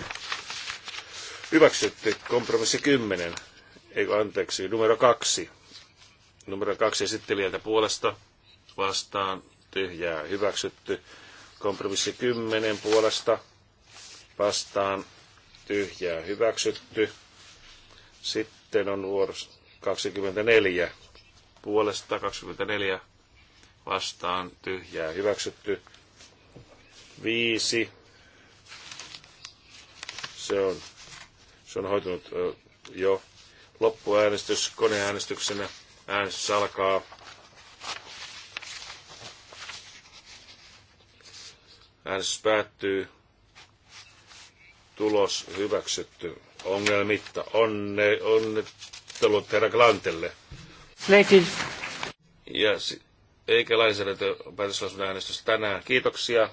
hyväksytty. Kompromissi kymmenen ei anteeksi, numero kaksi. Numero kaksi esittelijältä puolesta vastaan, tyhjää hyväksytty. Kompromissi kymmenen puolesta vastaan, tyhjää hyväksytty. Sitten on vuorossa 24 puolesta, 24 vastaan tyhjää hyväksytty. 5. Se on, se on hoitunut jo loppuäänestys koneäänestyksenä. Äänestys alkaa. Äänestys päättyy tulos hyväksytty ongelmitta. Onne, onnittelut herra Glantelle. Ladies. Ja eikä lainsäädäntö päätöslausunnon äänestys tänään. Kiitoksia.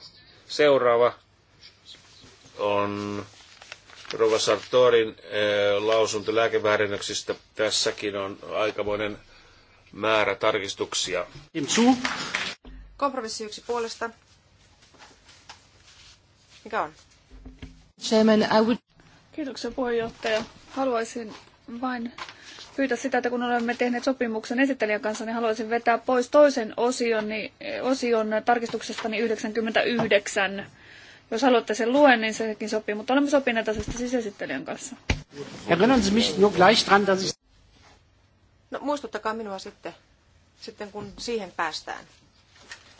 Seuraava on Rova Sartorin eh, lausunto lääkeväärennöksistä. Tässäkin on aikamoinen määrä tarkistuksia. Imsu. Kompromissi yksi puolesta. Mikä on? Chairman, I would... Kiitoksia puheenjohtaja. Haluaisin vain pyytää sitä, että kun olemme tehneet sopimuksen esittelijän kanssa, niin haluaisin vetää pois toisen osion, niin, eh, osion tarkistuksestani 99. Jos haluatte sen luen, niin sekin sopii, mutta olemme sopineet asiasta siis esittelijän kanssa. No muistuttakaa minua sitten, sitten kun siihen päästään.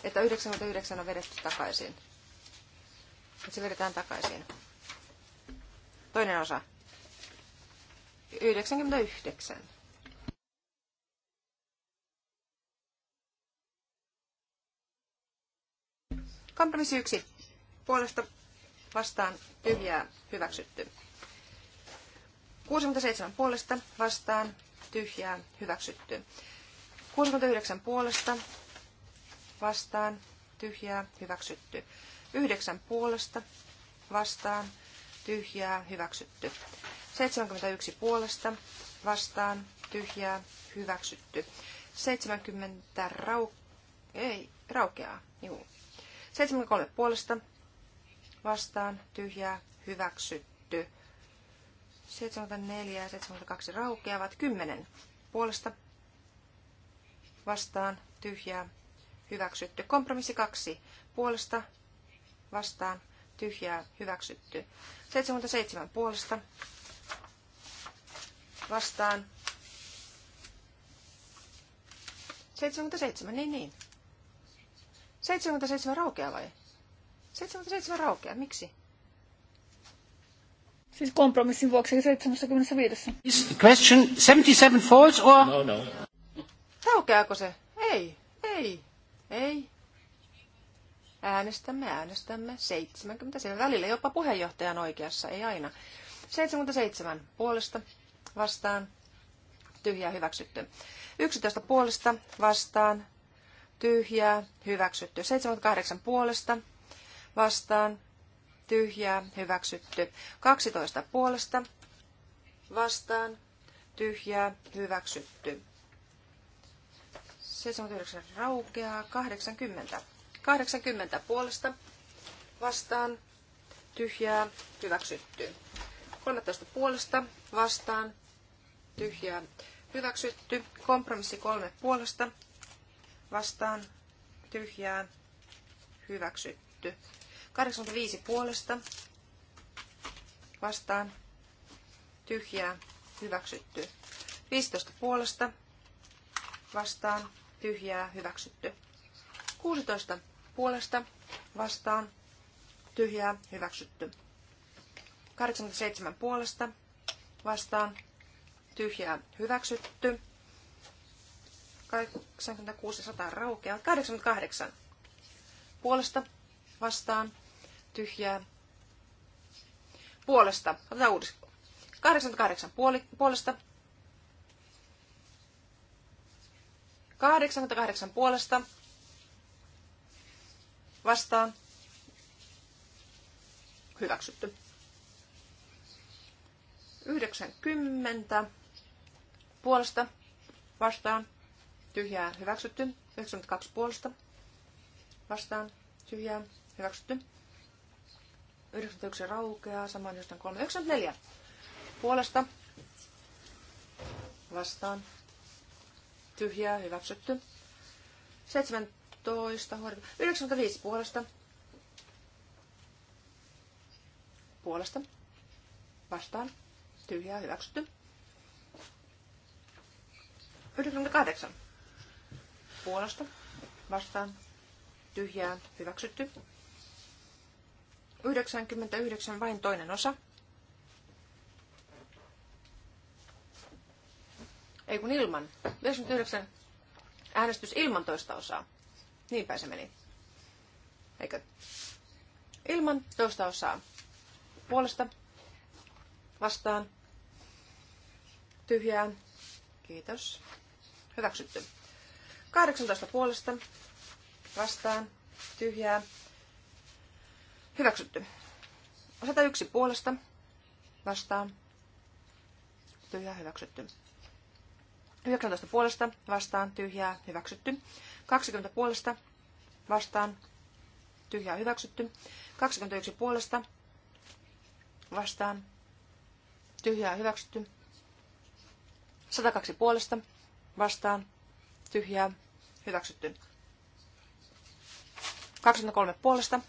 Että 99 on vedetty takaisin. Että se vedetään takaisin. Toinen osa. 99. Kompromissi 1. Puolesta vastaan tyhjää hyväksytty. 67 puolesta vastaan tyhjää hyväksytty. 69 puolesta vastaan tyhjää hyväksytty. 9 puolesta vastaan tyhjää, hyväksytty. 71 puolesta, vastaan, tyhjää, hyväksytty. 70 rau... Ei, raukeaa, juu. 73 puolesta, vastaan, tyhjää, hyväksytty. 74 ja 72 raukeavat. 10 puolesta, vastaan, tyhjää, hyväksytty. Kompromissi 2 puolesta, vastaan, tyhjää, hyväksytty. 77 puolesta vastaan. 77, niin niin. 77 raukeaa vai? 77 raukeaa, miksi? Siis kompromissin vuoksi 75. Is question 77 false or? No, no. Raukeaako se? Ei, ei, ei. Äänestämme, äänestämme. siellä Välillä jopa puheenjohtajan oikeassa, ei aina. 77 puolesta vastaan. Tyhjää hyväksytty. 11 puolesta vastaan. Tyhjää hyväksytty. 78 puolesta vastaan. Tyhjää hyväksytty. 12 puolesta vastaan. Tyhjää hyväksytty. 79 raukeaa. 80 80 puolesta vastaan tyhjää hyväksytty. 13 puolesta vastaan tyhjää hyväksytty. Kompromissi 3 puolesta vastaan tyhjää hyväksytty. 85 puolesta vastaan tyhjää hyväksytty. 15 puolesta vastaan tyhjää hyväksytty. 16 puolesta vastaan tyhjää hyväksytty. 87 puolesta vastaan tyhjää hyväksytty. 86 100 raukeaa. 88 puolesta vastaan tyhjää puolesta. Otetaan uudestaan. 88 puoli, puolesta 88 puolesta Vastaan. Hyväksytty. 90 puolesta vastaan tyhjää hyväksytty. 92 puolesta vastaan tyhjää hyväksytty. 91 raukeaa, samoin 93. 94 puolesta vastaan tyhjää hyväksytty. 7 16, 95 puolesta. Puolesta. Vastaan. Tyhjää hyväksytty. 98. Puolesta. Vastaan. Tyhjää hyväksytty. 99 vain toinen osa. Ei kun ilman. 99 äänestys ilman toista osaa. Niinpä se meni. Eikö? Ilman toista osaa. Puolesta. Vastaan. Tyhjään. Kiitos. Hyväksytty. 18 puolesta. Vastaan. Tyhjää. Hyväksytty. 101 puolesta. Vastaan. Tyhjää. Hyväksytty. 19 puolesta. Vastaan. Tyhjää. Hyväksytty. 20 puolesta vastaan tyhjää hyväksytty. 21 puolesta vastaan tyhjää hyväksytty. 102 puolesta vastaan tyhjää hyväksytty. 23 puolesta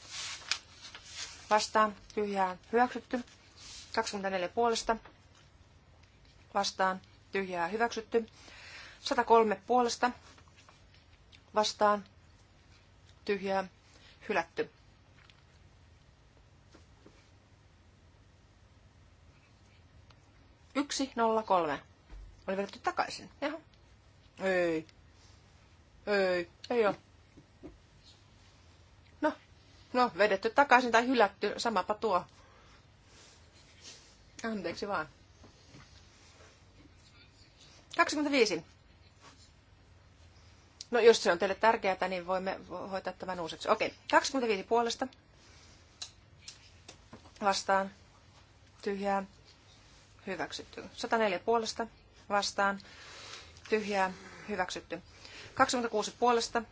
vastaan tyhjää hyväksytty. 24 puolesta vastaan tyhjää hyväksytty. 103 puolesta vastaan tyhjää hylätty. Yksi, nolla, kolme. Oli vedetty takaisin. Jaha. Ei. Ei, ei ole. No, no, vedetty takaisin tai hylätty, samapa tuo. Anteeksi vaan. 25. No jos se on teille tärkeää, niin voimme hoitaa tämän uusiksi. Okei, 25 puolesta. Vastaan. Tyhjää. Hyväksytty. 104 puolesta. Vastaan. Tyhjää. Hyväksytty. 26 puolesta.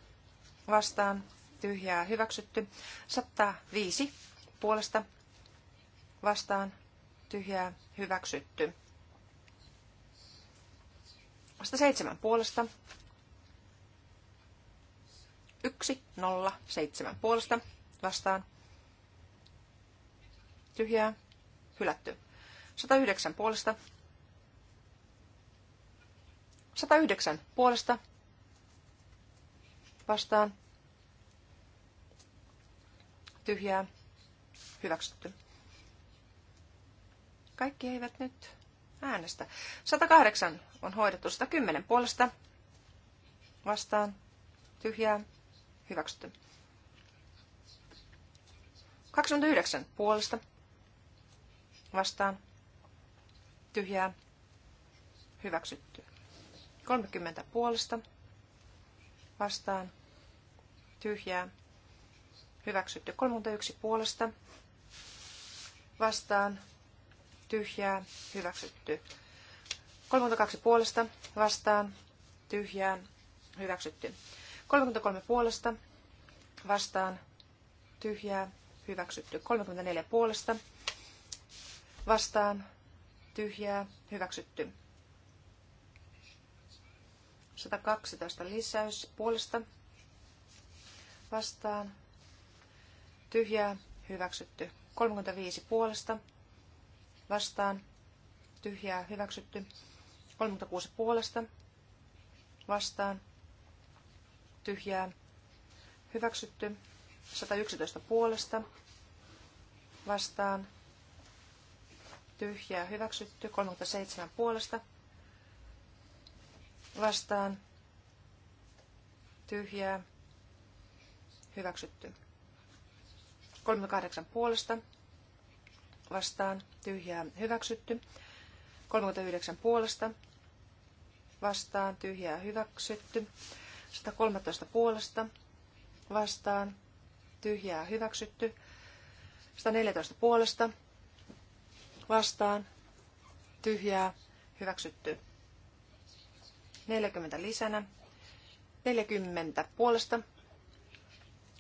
Vastaan. Tyhjää. Hyväksytty. 105 puolesta. Vastaan. Tyhjää. Hyväksytty. 107 puolesta 1, 0, 7 puolesta vastaan. Tyhjää. Hylätty. 109 puolesta. 109 puolesta vastaan. Tyhjää. Hyväksytty. Kaikki eivät nyt äänestä. 108 on hoidettu 110 puolesta vastaan. Tyhjää. Hyväksytty. 29 puolesta. Vastaan. Tyhjää. Hyväksytty. 30 puolesta. Vastaan. Tyhjää. Hyväksytty. 31 puolesta. Vastaan. Tyhjää. Hyväksytty. 32 puolesta. Vastaan. Tyhjää. Hyväksytty. 33 puolesta vastaan tyhjää hyväksytty. 34 puolesta vastaan tyhjää hyväksytty. 112 lisäys puolesta vastaan tyhjää hyväksytty. 35 puolesta vastaan tyhjää hyväksytty. 36 puolesta vastaan tyhjää, hyväksytty. 111 puolesta, vastaan, tyhjää, hyväksytty. 37 puolesta, vastaan, tyhjää, hyväksytty. 38 puolesta, vastaan, tyhjää, hyväksytty. 39 puolesta, vastaan, tyhjää, hyväksytty. 113 puolesta vastaan tyhjää hyväksytty. 114 puolesta vastaan tyhjää hyväksytty. 40 lisänä. 40 puolesta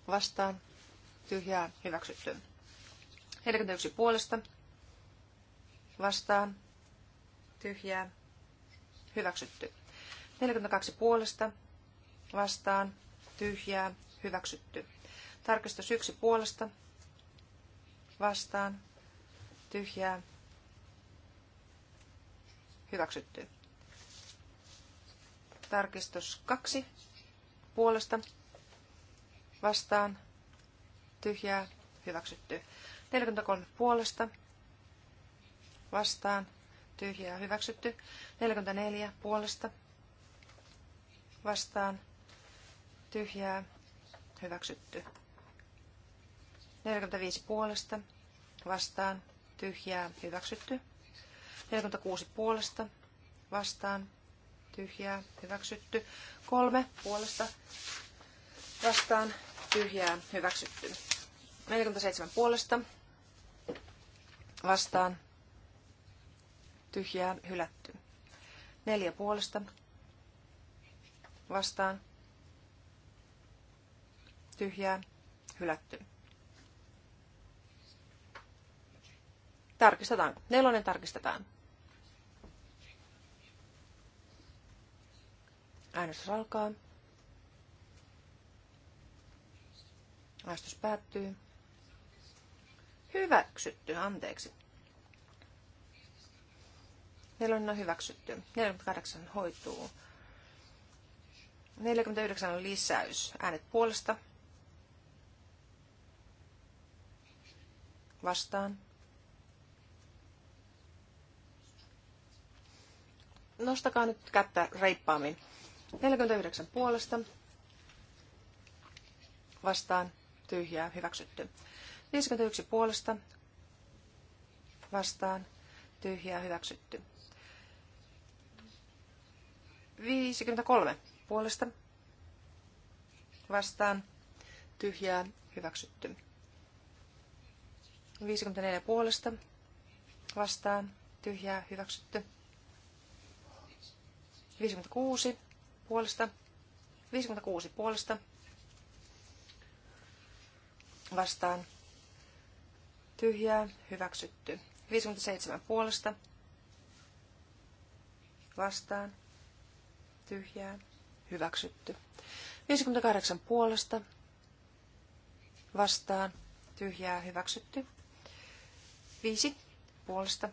vastaan tyhjää hyväksytty. 41 puolesta vastaan tyhjää hyväksytty. 42 puolesta vastaan, tyhjää, hyväksytty. Tarkistus yksi puolesta, vastaan, tyhjää, hyväksytty. Tarkistus kaksi puolesta, vastaan, tyhjää, hyväksytty. 43 puolesta, vastaan, tyhjää, hyväksytty. 44 puolesta, vastaan, tyhjää, hyväksytty. 45 puolesta, vastaan, tyhjää, hyväksytty. 46 puolesta, vastaan, tyhjää, hyväksytty. 3 puolesta, vastaan, tyhjää, hyväksytty. 47 puolesta, vastaan, tyhjää, hylätty. 4 puolesta, vastaan, tyhjää, hylätty. Tarkistetaan. Nelonen tarkistetaan. Äänestys alkaa. Äänestys päättyy. Hyväksytty, anteeksi. Nelonen on hyväksytty. 48 hoituu. 49 on lisäys. Äänet puolesta. vastaan. Nostakaa nyt kättä reippaammin. 49 puolesta vastaan tyhjää hyväksytty. 51 puolesta vastaan tyhjää hyväksytty. 53 puolesta vastaan tyhjää hyväksytty. 54 puolesta vastaan tyhjää hyväksytty. 56 puolesta. 56 puolesta vastaan tyhjää hyväksytty. 57 puolesta vastaan tyhjää hyväksytty. 58 puolesta vastaan tyhjää hyväksytty. Viisi puolesta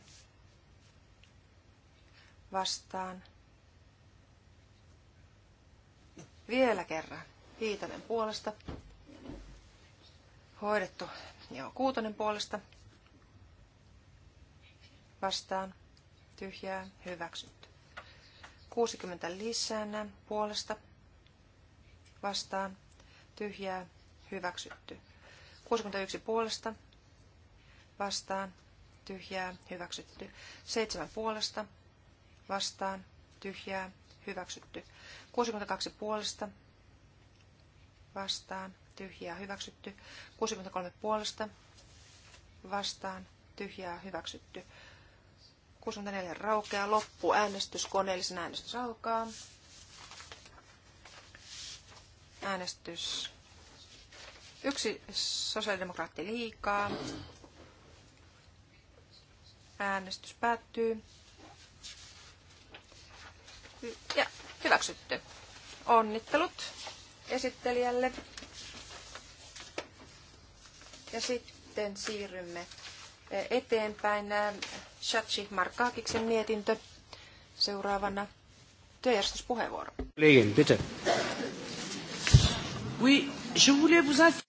vastaan. Vielä kerran. Viitonen puolesta. Hoidettu. Joo, kuutonen puolesta. Vastaan. Tyhjää. Hyväksytty. 60 lisänä puolesta. Vastaan. Tyhjää. Hyväksytty. 61 puolesta vastaan, tyhjää, hyväksytty. Seitsemän puolesta, vastaan, tyhjää, hyväksytty. 62 puolesta, vastaan, tyhjää, hyväksytty. 63 puolesta, vastaan, tyhjää, hyväksytty. 64 raukeaa, loppu, äänestys, koneellisen äänestys alkaa. Äänestys. Yksi sosiaalidemokraatti liikaa. Äänestys päättyy. Ja hyväksytty. Onnittelut esittelijälle. Ja sitten siirrymme eteenpäin. Shachi Markaakiksen mietintö seuraavana. Työjärjestyspuheenvuoro. Liin, bitte. Oui, je voulais vous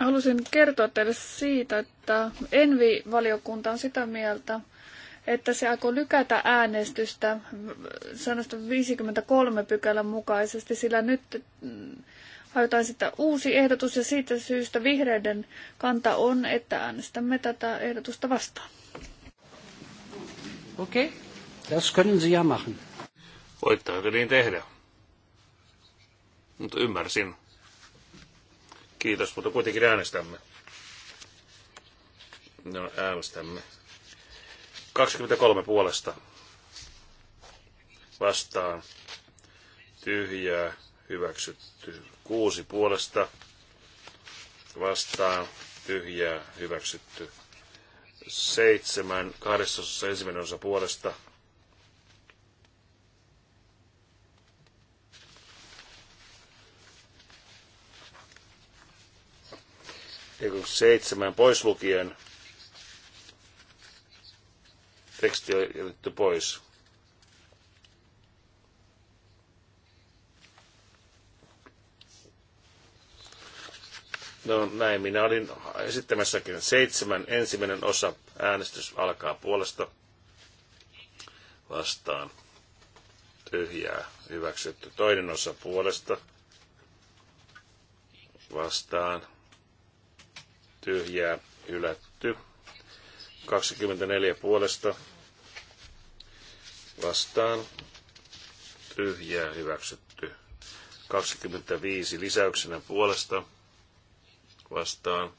Halusin kertoa teille siitä, että Envi-valiokunta on sitä mieltä, että se aikoo lykätä äänestystä sanasta 53 pykälän mukaisesti, sillä nyt mm, hajotaan sitä uusi ehdotus ja siitä syystä vihreiden kanta on, että äänestämme tätä ehdotusta vastaan. Okei. Okay. Das können Sie ja machen. Voittaako niin tehdä? Mutta ymmärsin Kiitos, mutta kuitenkin äänestämme. No, äänestämme. 23 puolesta. Vastaan. Tyhjää. Hyväksytty. 6 puolesta. Vastaan. Tyhjää. Hyväksytty. 7. Kahdessa ensimmäinen osa puolesta seitsemän pois lukien. Teksti on jätetty pois. No näin, minä olin esittämässäkin seitsemän. Ensimmäinen osa äänestys alkaa puolesta vastaan. Tyhjää hyväksytty. Toinen osa puolesta vastaan tyhjää hylätty. 24 puolesta vastaan tyhjää hyväksytty. 25 lisäyksenä puolesta vastaan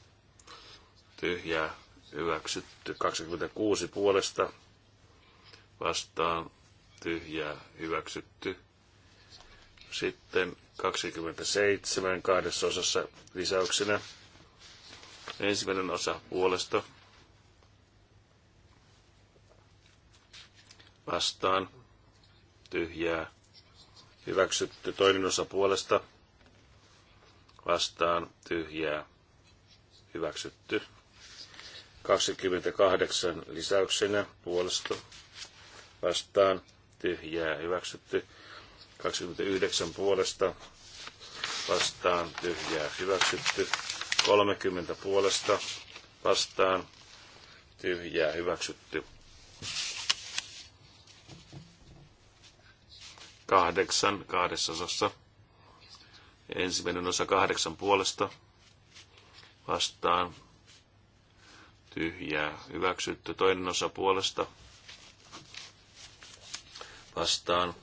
tyhjää hyväksytty. 26 puolesta vastaan tyhjää hyväksytty. Sitten 27 kahdessa osassa lisäyksenä Ensimmäinen osa puolesta vastaan tyhjää. Hyväksytty toinen osa puolesta vastaan tyhjää. Hyväksytty. 28 lisäyksenä puolesta vastaan tyhjää. Hyväksytty. 29 puolesta vastaan tyhjää. Hyväksytty. 30 puolesta vastaan tyhjää hyväksytty. Kahdeksan kahdessa Ensimmäinen osa kahdeksan puolesta vastaan tyhjää hyväksytty. Toinen osa puolesta vastaan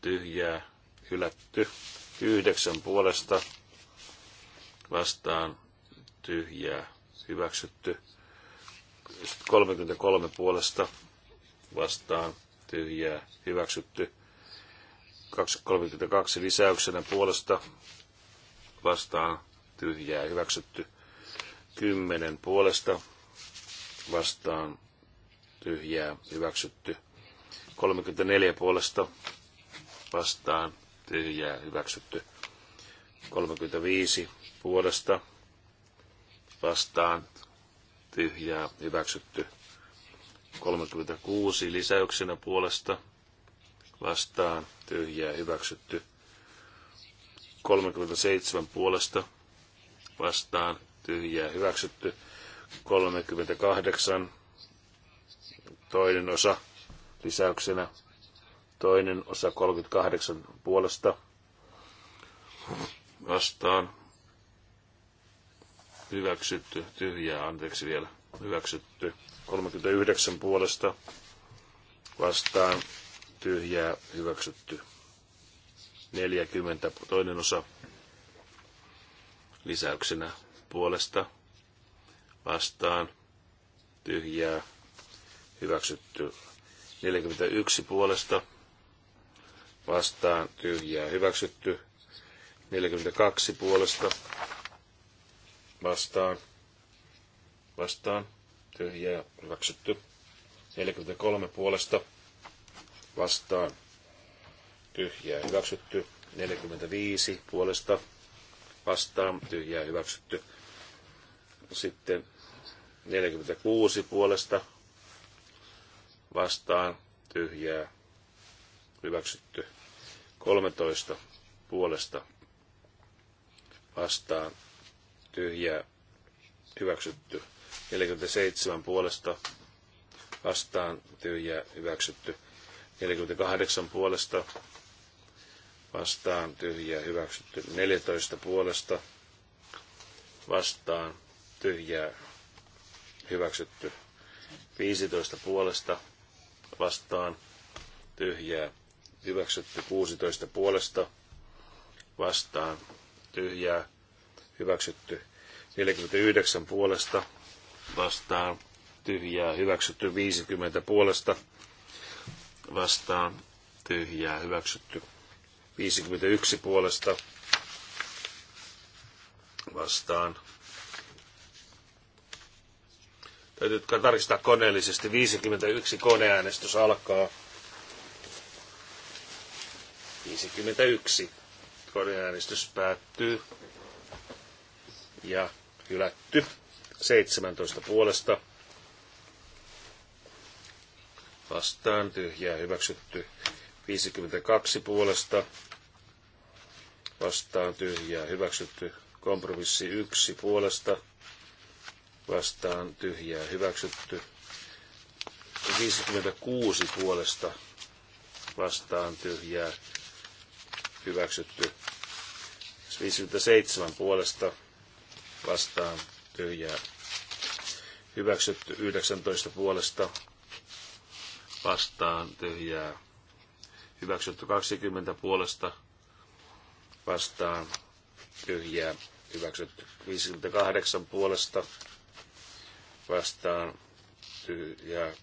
tyhjää hylätty. Yhdeksän puolesta vastaan tyhjää hyväksytty. 33 puolesta vastaan tyhjää hyväksytty. 32 lisäyksenä puolesta vastaan tyhjää hyväksytty. 10 puolesta vastaan tyhjää hyväksytty. 34 puolesta vastaan tyhjää hyväksytty. 35 puolesta vastaan tyhjää hyväksytty 36 lisäyksenä puolesta vastaan tyhjää hyväksytty 37 puolesta vastaan tyhjää hyväksytty 38 toinen osa lisäyksenä toinen osa 38 puolesta vastaan hyväksytty, tyhjää, anteeksi vielä, hyväksytty, 39 puolesta vastaan, tyhjää, hyväksytty, 40 toinen osa lisäyksenä puolesta vastaan, tyhjää, hyväksytty, 41 puolesta vastaan, tyhjää, hyväksytty, 42 puolesta vastaan, vastaan, ja hyväksytty. 43 puolesta, vastaan, ja hyväksytty. 45 puolesta, vastaan, ja hyväksytty. Sitten 46 puolesta, vastaan, tyhjää, hyväksytty. 13 puolesta, vastaan, tyhjää hyväksytty. 47 puolesta vastaan tyhjää hyväksytty. 48 puolesta vastaan tyhjää hyväksytty. 14 puolesta vastaan tyhjää hyväksytty. 15 puolesta vastaan tyhjää hyväksytty. 16 puolesta vastaan tyhjää hyväksytty 49 puolesta vastaan tyhjää hyväksytty 50 puolesta vastaan tyhjää hyväksytty 51 puolesta vastaan. Täytyy tarkistaa koneellisesti. 51 koneäänestys alkaa. 51 koneäänestys päättyy ja hylätty 17 puolesta vastaan tyhjää hyväksytty 52 puolesta vastaan tyhjää hyväksytty kompromissi 1 puolesta vastaan tyhjää hyväksytty 56 puolesta vastaan tyhjää hyväksytty 57 puolesta vastaan tyhjää. Hyväksytty 19 puolesta vastaan tyhjää. Hyväksytty 20 puolesta vastaan tyhjää. Hyväksytty 58 puolesta vastaan tyhjää.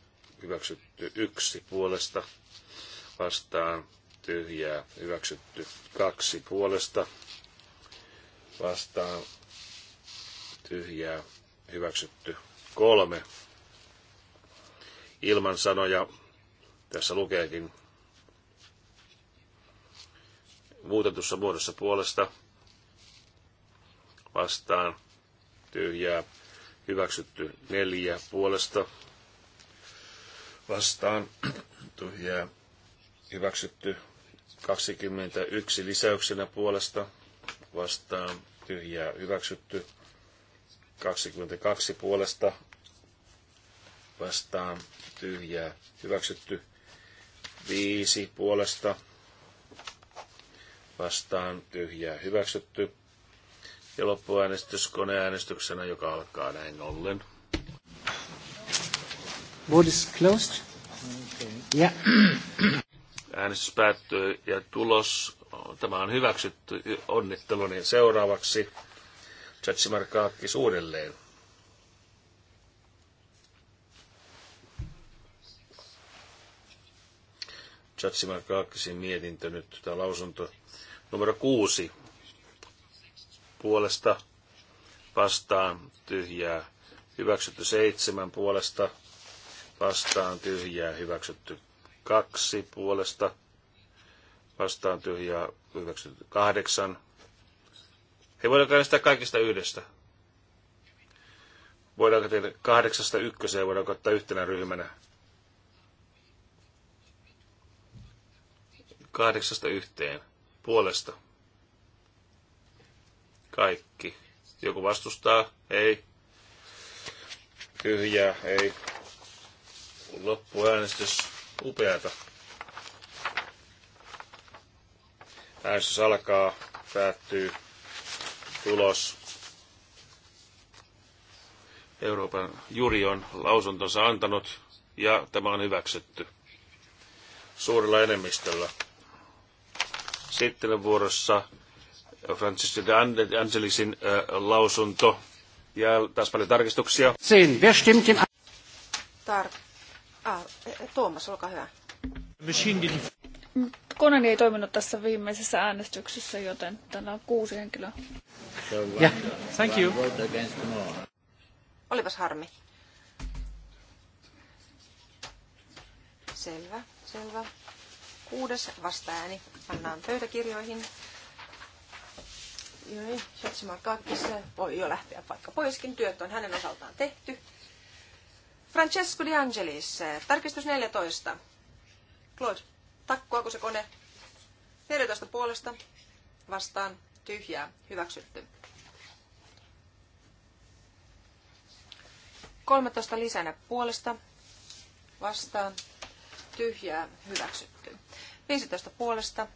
Hyväksytty yksi puolesta vastaan tyhjää. Hyväksytty kaksi puolesta vastaan tyhjää hyväksytty kolme. Ilman sanoja tässä lukeekin muutetussa muodossa puolesta vastaan tyhjää hyväksytty neljä puolesta vastaan tyhjää hyväksytty 21 lisäyksenä puolesta vastaan tyhjää hyväksytty 22 puolesta vastaan tyhjää hyväksytty. 5 puolesta vastaan tyhjää hyväksytty. Ja loppuäänestys koneäänestyksenä, joka alkaa näin ollen. Board is closed. Okay. Yeah. Äänestys päättyy ja tulos, tämä on hyväksytty onnitteluni seuraavaksi. Chachimarkaakis uudelleen. Chachimarkaakisin mietintö nyt, tämä lausunto numero kuusi. Puolesta vastaan tyhjää hyväksytty seitsemän puolesta, vastaan tyhjää hyväksytty kaksi puolesta, vastaan tyhjää hyväksytty kahdeksan ja voidaanko äänestää kaikista yhdestä? Voidaanko tehdä kahdeksasta ykköseen, voidaanko ottaa yhtenä ryhmänä? Kahdeksasta yhteen. Puolesta. Kaikki. Joku vastustaa? Ei. Tyhjää? Ei. Loppuäänestys. Upeata. Äänestys alkaa, päättyy ulos. Euroopan juri on lausuntonsa antanut ja tämä on hyväksytty suurella enemmistöllä. Sitten vuorossa Francis de Angelisin äh, lausunto. Ja taas paljon tarkistuksia. Siin, wer Tar... Ah, Tuomas, olkaa hyvä. Konani ei toiminut tässä viimeisessä äänestyksessä, joten tänään on kuusi henkilöä yeah. Thank you. Olipas harmi. Selvä, selvä. Kuudes vastaääni. Pannaan pöytäkirjoihin. Joo, Schatzmar kakkissa. Voi jo lähteä vaikka poiskin. Työt on hänen osaltaan tehty. Francesco Di Angelis, tarkistus 14. Claude, takkoako se kone? 14 puolesta vastaan tyhjää, hyväksytty. 13 lisänä puolesta, vastaan, tyhjää, hyväksytty. 15 puolesta,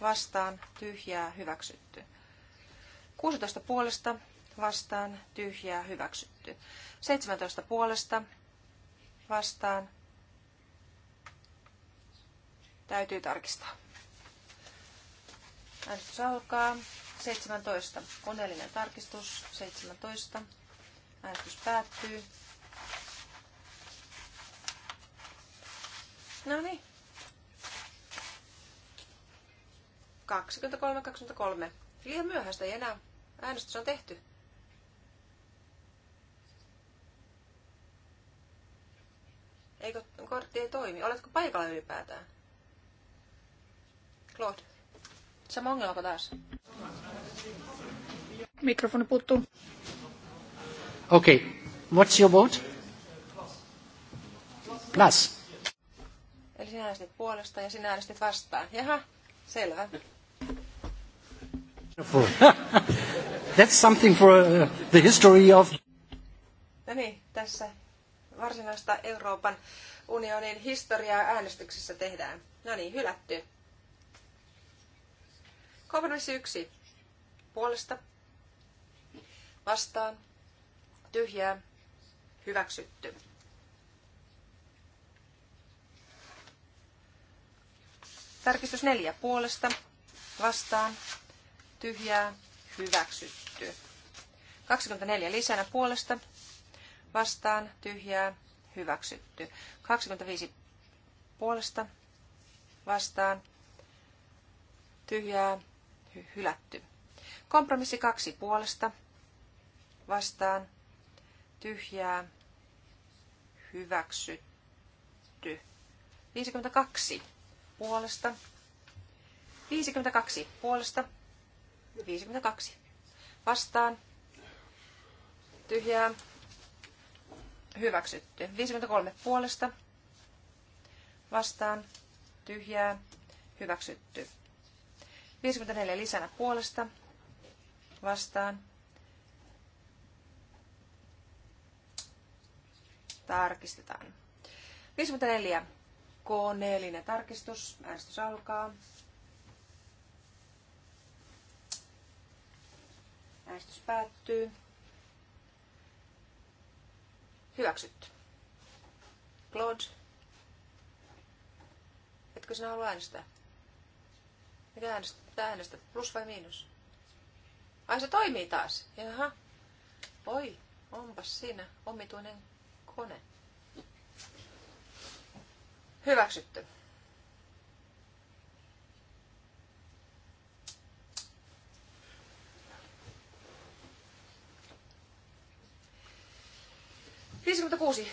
vastaan, tyhjää, hyväksytty. 16 puolesta, vastaan, tyhjää, hyväksytty. 17 puolesta, vastaan, täytyy tarkistaa. Äänestys alkaa. 17. Koneellinen tarkistus. 17. Äänestys päättyy. No niin. 23, 23. Liian myöhäistä ei enää. Äänestys on tehty. Eikö kortti ei toimi? Oletko paikalla ylipäätään? Claude. Sama ongelma taas? Mikrofoni puuttuu. Okei. Okay. What's your vote? Plus. Eli sinä äänestit puolesta ja sinä äänestit vastaan. Jaha, selvä. That's something for uh, the history of... No niin, tässä varsinaista Euroopan unionin historiaa äänestyksessä tehdään. No niin, hylätty. Kompromissi yksi. Puolesta. Vastaan. Tyhjää. Hyväksytty. Tarkistus neljä puolesta. Vastaan. Tyhjää. Hyväksytty. 24 lisänä puolesta. Vastaan. Tyhjää. Hyväksytty. 25 puolesta. Vastaan. Tyhjää hylätty. Kompromissi kaksi puolesta vastaan tyhjää hyväksytty. 52 puolesta. 52 puolesta. 52 vastaan tyhjää hyväksytty. 53 puolesta vastaan tyhjää hyväksytty. 54 lisänä puolesta vastaan. Tarkistetaan. 54 K4 tarkistus. Äänestys alkaa. Äänestys päättyy. Hyväksytty. Claude. Etkö sinä halua äänestää? Mitä äänestät? mistä äänestä? Plus vai miinus? Ai se toimii taas. Jaha. Oi, onpas siinä omituinen kone. Hyväksytty. Viisikymmentäkuusi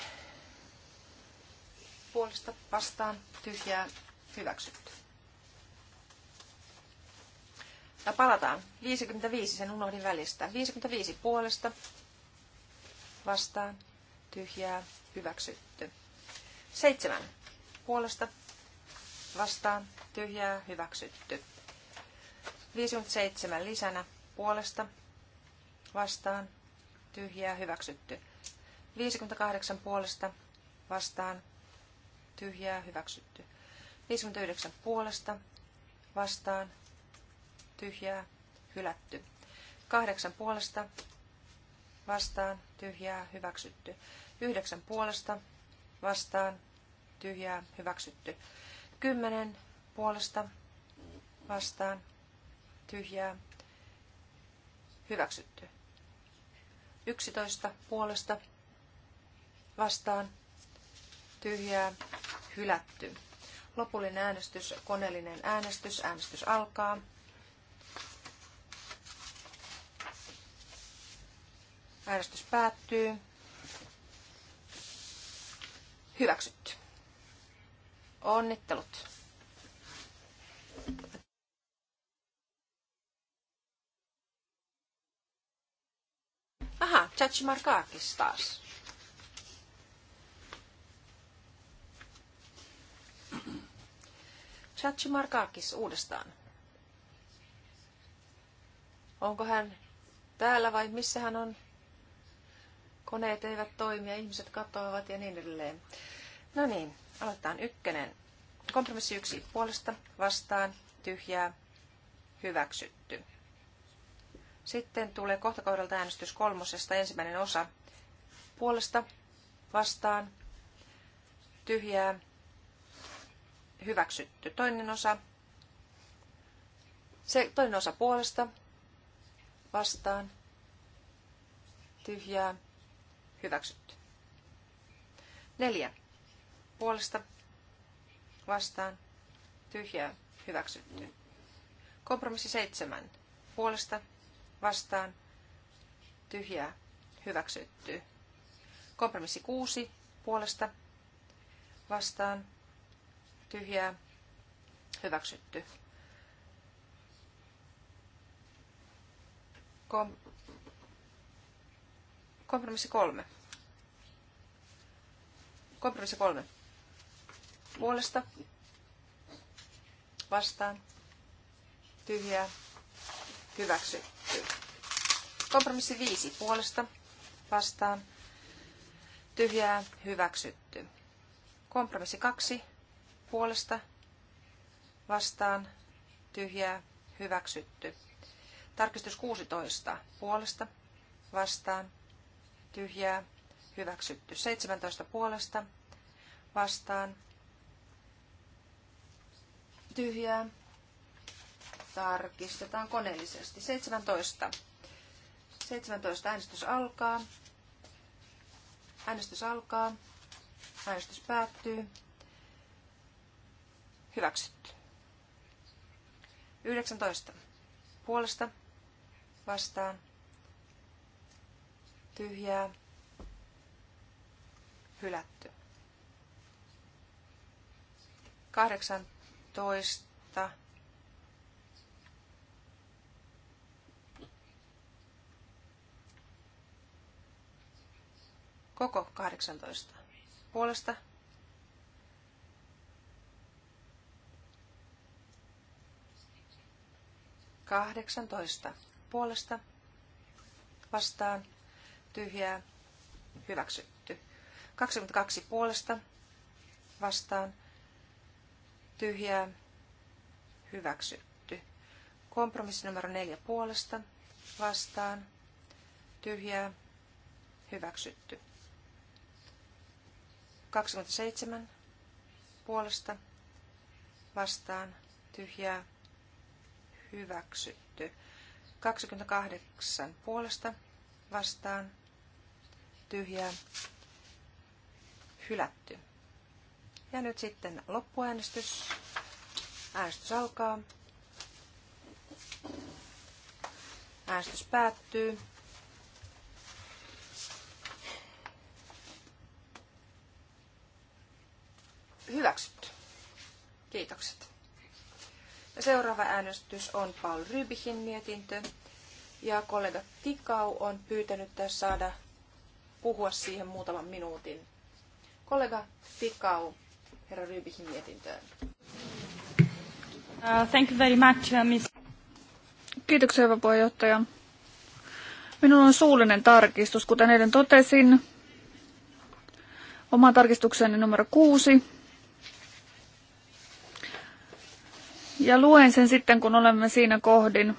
puolesta vastaan tyhjää hyväksytty palataan. 55, sen unohdin välistä. 55 puolesta vastaan, tyhjää, hyväksytty. 7 puolesta vastaan, tyhjää, hyväksytty. 57 lisänä puolesta vastaan, tyhjää, hyväksytty. 58 puolesta vastaan, tyhjää, hyväksytty. 59 puolesta vastaan, tyhjää, hylätty. Kahdeksan puolesta, vastaan, tyhjää, hyväksytty. Yhdeksän puolesta, vastaan, tyhjää, hyväksytty. Kymmenen puolesta, vastaan, tyhjää, hyväksytty. Yksitoista puolesta, vastaan, tyhjää, hylätty. Lopullinen äänestys, koneellinen äänestys, äänestys alkaa. Äänestys päättyy. Hyväksytty. Onnittelut. Aha, Chachi Markakis taas. Chachi Markakis uudestaan. Onko hän täällä vai missä hän on? koneet eivät toimi ja ihmiset katoavat ja niin edelleen. No niin, aloitetaan ykkönen. Kompromissi yksi puolesta, vastaan, tyhjää, hyväksytty. Sitten tulee kohta kohdalta äänestys kolmosesta ensimmäinen osa. Puolesta, vastaan, tyhjää, hyväksytty. Toinen osa, se toinen osa puolesta, vastaan, tyhjää, Hyväksytty. Neljä. Puolesta. Vastaan. Tyhjää. Hyväksytty. Kompromissi seitsemän. Puolesta. Vastaan. Tyhjää. Hyväksytty. Kompromissi kuusi. Puolesta. Vastaan. Tyhjää. Hyväksytty. Kom- Kompromissi kolme. Kompromissi kolme. Puolesta. Vastaan. Tyhjää. Hyväksytty. Kompromissi viisi. Puolesta. Vastaan. Tyhjää. Hyväksytty. Kompromissi kaksi. Puolesta. Vastaan. Tyhjää. Hyväksytty. Tarkistus 16. Puolesta. Vastaan tyhjää, hyväksytty. 17 puolesta vastaan, tyhjää, tarkistetaan koneellisesti. 17. 17 äänestys alkaa. Äänestys alkaa. Äänestys päättyy. Hyväksytty. 19. Puolesta vastaan tyhjää, hylätty. 18. Koko 18. Puolesta kahdeksantoista puolesta vastaan tyhjää, hyväksytty. 22 puolesta vastaan, tyhjää, hyväksytty. Kompromissi numero 4 puolesta vastaan, tyhjää, hyväksytty. 27 puolesta vastaan, tyhjää, hyväksytty. 28 puolesta vastaan, tyhjää, hylätty. Ja nyt sitten loppuäänestys. Äänestys alkaa. Äänestys päättyy. Hyväksytty. Kiitokset. Ja seuraava äänestys on Paul Rybihin mietintö. Ja kollega Tikau on pyytänyt saada puhua siihen muutaman minuutin. Kollega Tikau, herra Rybihin mietintöön. Uh, thank you very much, uh, miss. Kiitoksia, hyvä puheenjohtaja. Minulla on suullinen tarkistus, kuten eilen totesin. Oma tarkistukseni numero kuusi. Ja luen sen sitten, kun olemme siinä kohdin.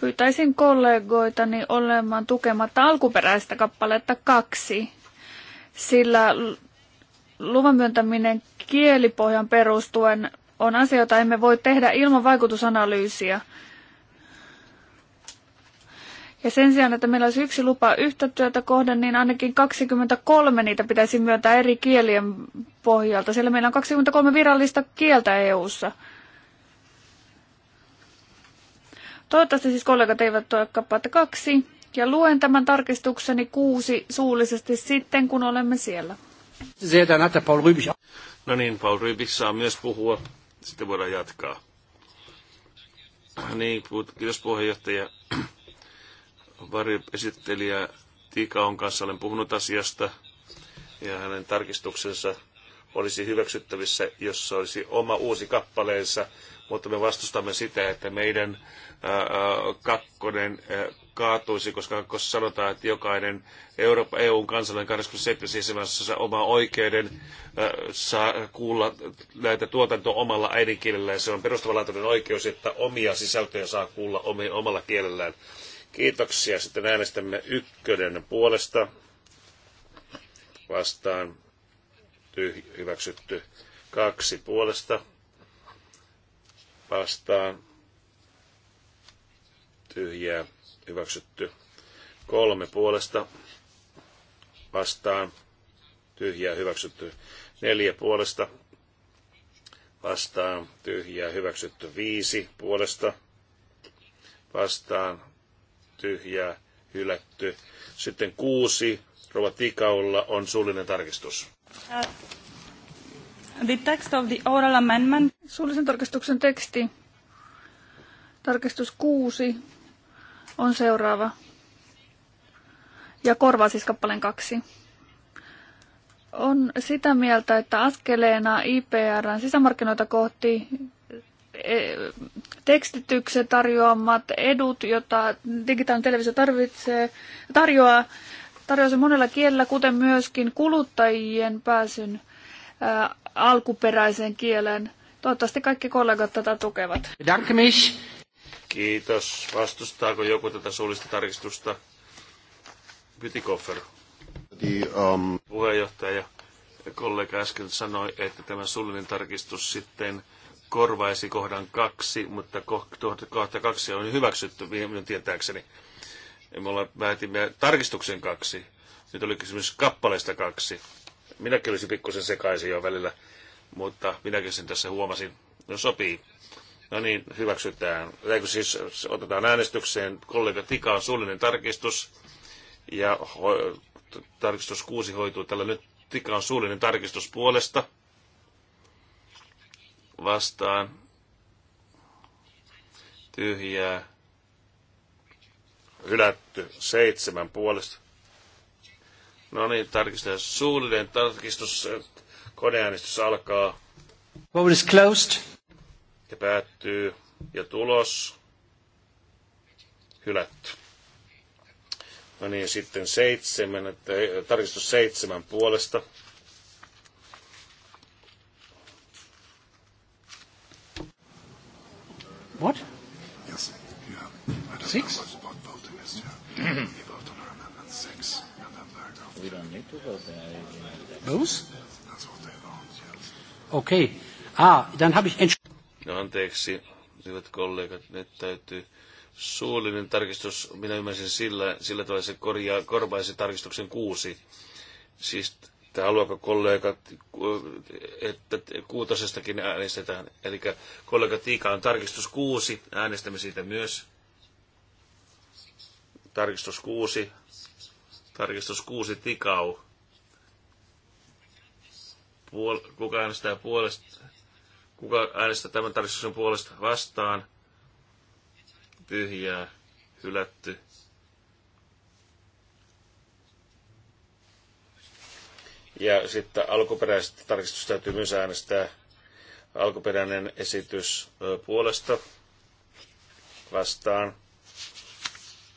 Pyytäisin kollegoitani olemaan tukematta alkuperäistä kappaletta kaksi, sillä luvan myöntäminen kielipohjan perustuen on asia, jota emme voi tehdä ilman vaikutusanalyysiä. Ja sen sijaan, että meillä olisi yksi lupa yhtä työtä kohden, niin ainakin 23 niitä pitäisi myöntää eri kielien pohjalta, sillä meillä on 23 virallista kieltä EU:ssa. ssa Toivottavasti siis kollegat eivät tuo kappaletta kaksi. Ja luen tämän tarkistukseni kuusi suullisesti sitten, kun olemme siellä. No niin, Paul Rybik saa myös puhua. Sitten voidaan jatkaa. Niin, kiitos puheenjohtaja. Varjoesittelijä Tiika on kanssa olen puhunut asiasta ja hänen tarkistuksensa olisi hyväksyttävissä, jos olisi oma uusi kappaleensa mutta me vastustamme sitä, että meidän kakkonen kaatuisi, koska kakkossa sanotaan, että jokainen Eurooppa, EUn kansalainen 27 saa oma oikeuden saa kuulla näitä tuotantoa omalla Ja Se on perustavanlaatuinen oikeus, että omia sisältöjä saa kuulla omalla kielellään. Kiitoksia. Sitten äänestämme ykkönen puolesta vastaan. Tyh, hyväksytty kaksi puolesta vastaan tyhjää hyväksytty. Kolme puolesta vastaan tyhjää hyväksytty. Neljä puolesta vastaan tyhjää hyväksytty. Viisi puolesta vastaan tyhjää hylätty. Sitten kuusi Rova Tikaulla on suullinen tarkistus. The text of the oral amendment. Suullisen tarkastuksen teksti. Tarkastus 6 on seuraava. Ja korvaa siis kappaleen 2. On sitä mieltä, että askeleena IPRn sisämarkkinoita kohti e, tekstityksen tarjoamat edut, joita digitaalinen televisio tarvitsee, tarjoaa, tarjoaa monella kielellä, kuten myöskin kuluttajien pääsyn alkuperäisen kielen. Toivottavasti kaikki kollegat tätä tukevat. Dankmis. Kiitos. Vastustaako joku tätä suullista tarkistusta? Bytikoffer. Um... Puheenjohtaja kollega äsken sanoi, että tämä suullinen tarkistus sitten korvaisi kohdan kaksi, mutta kohta kaksi on hyväksytty minun tietääkseni. Me ollaan päätimme tarkistuksen kaksi. Nyt oli kysymys kappaleesta kaksi minäkin olisin pikkusen sekaisin jo välillä, mutta minäkin sen tässä huomasin. No sopii. No niin, hyväksytään. Eikö siis otetaan äänestykseen kollega Tika on suullinen tarkistus ja ho- tarkistus 6 hoituu tällä nyt Tika on suullinen tarkistus puolesta vastaan tyhjää hylätty seitsemän puolesta No niin, tarkistetaan. Suullinen tarkistus. Koneäänestys alkaa. Vote is closed. Ja päättyy. Ja tulos. Hylätty. No niin, sitten seitsemän, että, eh, tarkistus seitsemän puolesta. What? Okay. Ah, dann habe ich No anteeksi, hyvät kollegat, nyt täytyy suullinen tarkistus, minä ymmärsin sillä, sillä tavalla se korjaa, korvaisi tarkistuksen kuusi. Siis että haluaako kollegat, että kuutosestakin äänestetään. Eli kollega Tiika on tarkistus kuusi, äänestämme siitä myös. Tarkistus kuusi, tarkistus kuusi Tikau puol- kuka äänestää puolesta, kuka äänestää tämän tarkistuksen puolesta vastaan, tyhjää, hylätty. Ja sitten alkuperäistä tarkistusta täytyy myös äänestää alkuperäinen esitys puolesta vastaan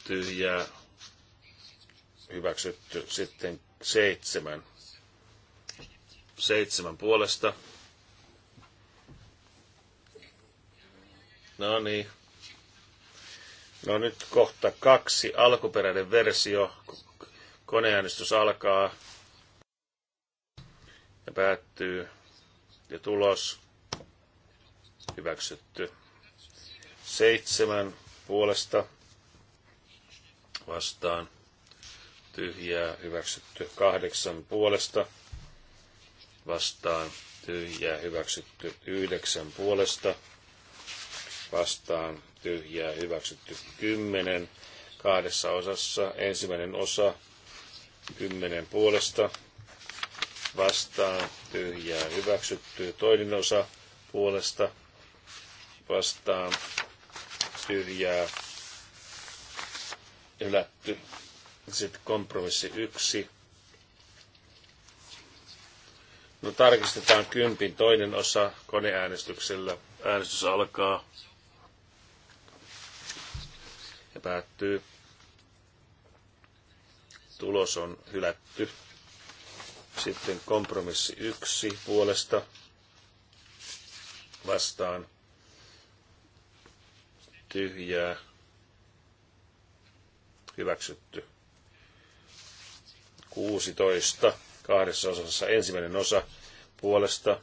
tyhjää hyväksytty sitten seitsemän seitsemän puolesta. No niin. No nyt kohta kaksi, alkuperäinen versio. Koneäänestys alkaa ja päättyy. Ja tulos hyväksytty. Seitsemän puolesta vastaan tyhjää hyväksytty. Kahdeksan puolesta vastaan tyhjää hyväksytty yhdeksän puolesta vastaan tyhjää hyväksytty kymmenen kahdessa osassa. Ensimmäinen osa kymmenen puolesta vastaan tyhjää hyväksytty. Toinen osa puolesta vastaan tyhjää hylätty. Sitten kompromissi yksi No tarkistetaan kympin toinen osa koneäänestyksellä. Äänestys alkaa ja päättyy. Tulos on hylätty. Sitten kompromissi yksi puolesta vastaan tyhjää hyväksytty. 16 kahdessa osassa. Ensimmäinen osa puolesta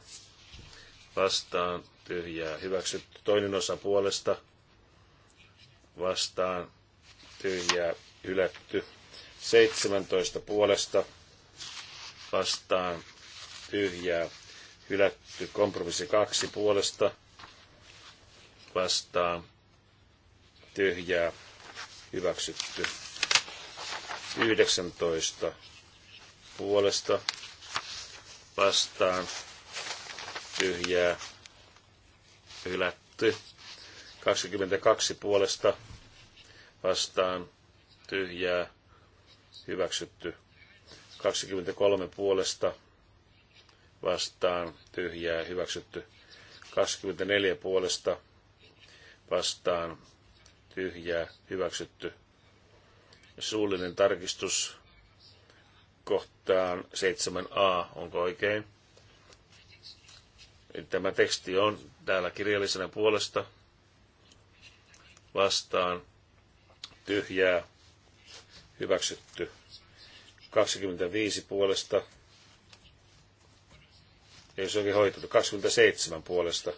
vastaan tyhjää hyväksytty. Toinen osa puolesta vastaan tyhjää hylätty. 17 puolesta vastaan tyhjää hylätty. Kompromissi kaksi puolesta vastaan tyhjää hyväksytty. 19 puolesta vastaan tyhjää hylätty. 22 puolesta vastaan tyhjää hyväksytty. 23 puolesta vastaan tyhjää hyväksytty. 24 puolesta vastaan tyhjää hyväksytty. Suullinen tarkistus kohtaan 7a, onko oikein? Tämä teksti on täällä kirjallisena puolesta vastaan tyhjää hyväksytty. 25 puolesta, ei se onkin hoitettu, 27 puolesta,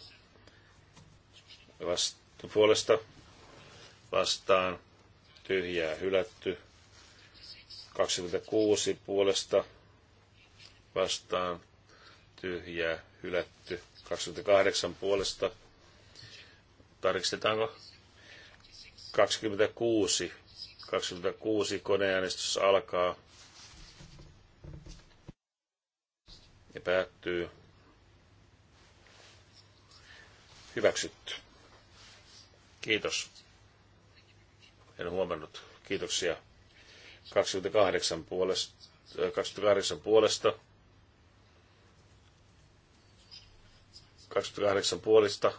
vasta, puolesta vastaan tyhjää hylätty. 26 puolesta vastaan tyhjää hylätty. 28 puolesta. Tarkistetaanko? 26. 26 koneäänestys alkaa ja päättyy. Hyväksytty. Kiitos. En huomannut. Kiitoksia. 28 puolesta, 28 puolesta, 28 puolista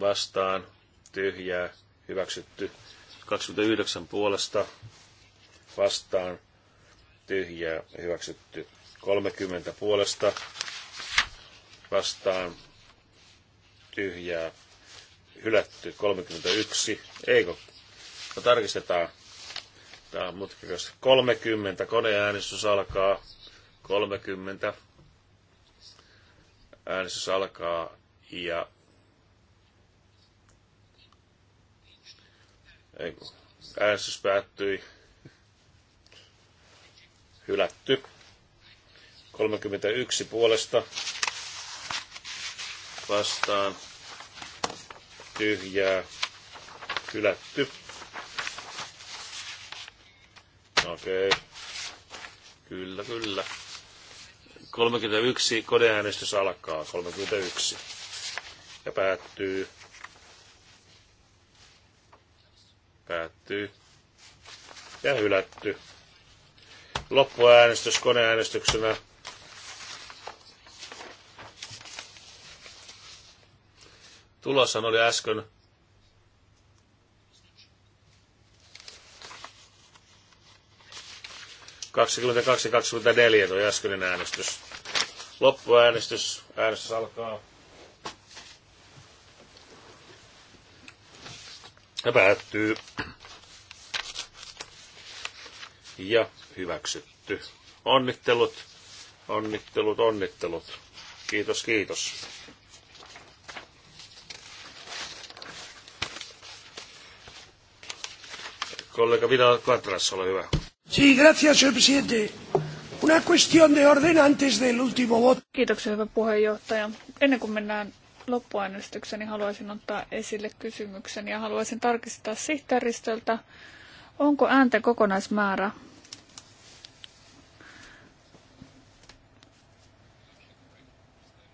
vastaan tyhjää hyväksytty. 29 puolesta vastaan tyhjää hyväksytty. 30 puolesta vastaan tyhjää hylätty 31, ei No tarkistetaan. Tämä on mutkikas. 30. Koneäänestys alkaa. 30. Äänestys alkaa ja... Ei, äänestys päättyi. Hylätty. 31 puolesta vastaan tyhjää hylätty. Okei. Okay. Kyllä, kyllä. 31, kodeäänestys alkaa, 31. Ja päättyy. Päättyy. Ja hylätty. Loppuäänestys koneäänestyksenä. Tuloshan oli äsken 22-24 tuo äskeinen äänestys. Loppuäänestys. Äänestys alkaa. Ja päättyy. Ja hyväksytty. Onnittelut, onnittelut, onnittelut. Kiitos, kiitos. Kollega Vidal Katras, ole hyvä señor presidente. Una cuestión de orden antes del último voto. Kiitoksia, hyvä puheenjohtaja. Ennen kuin mennään loppuäänestykseen, niin haluaisin ottaa esille kysymyksen ja haluaisin tarkistaa sihteeristöltä, onko äänten kokonaismäärä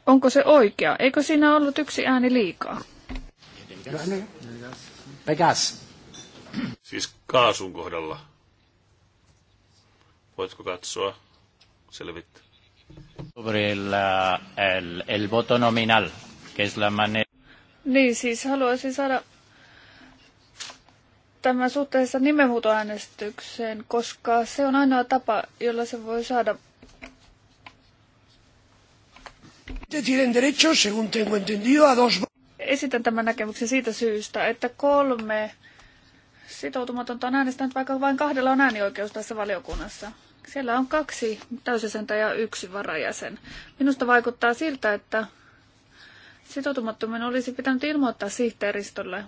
Onko se oikea? Eikö siinä ollut yksi ääni liikaa? Pegas. Siis kaasun kohdalla. Voitko katsoa? Selvittää. Sobre el, el voto nominal, que es la manera... Niin, siis haluaisin saada tämän suhteessa nimenmuutoäänestykseen, koska se on ainoa tapa, jolla se voi saada Esitän tämän näkemyksen siitä syystä, että kolme sitoutumatonta on äänestänyt, vaikka vain kahdella on äänioikeus tässä valiokunnassa. Siellä on kaksi täysjäsentä ja yksi varajäsen. Minusta vaikuttaa siltä, että sitoutumattomien olisi pitänyt ilmoittaa sihteeristölle,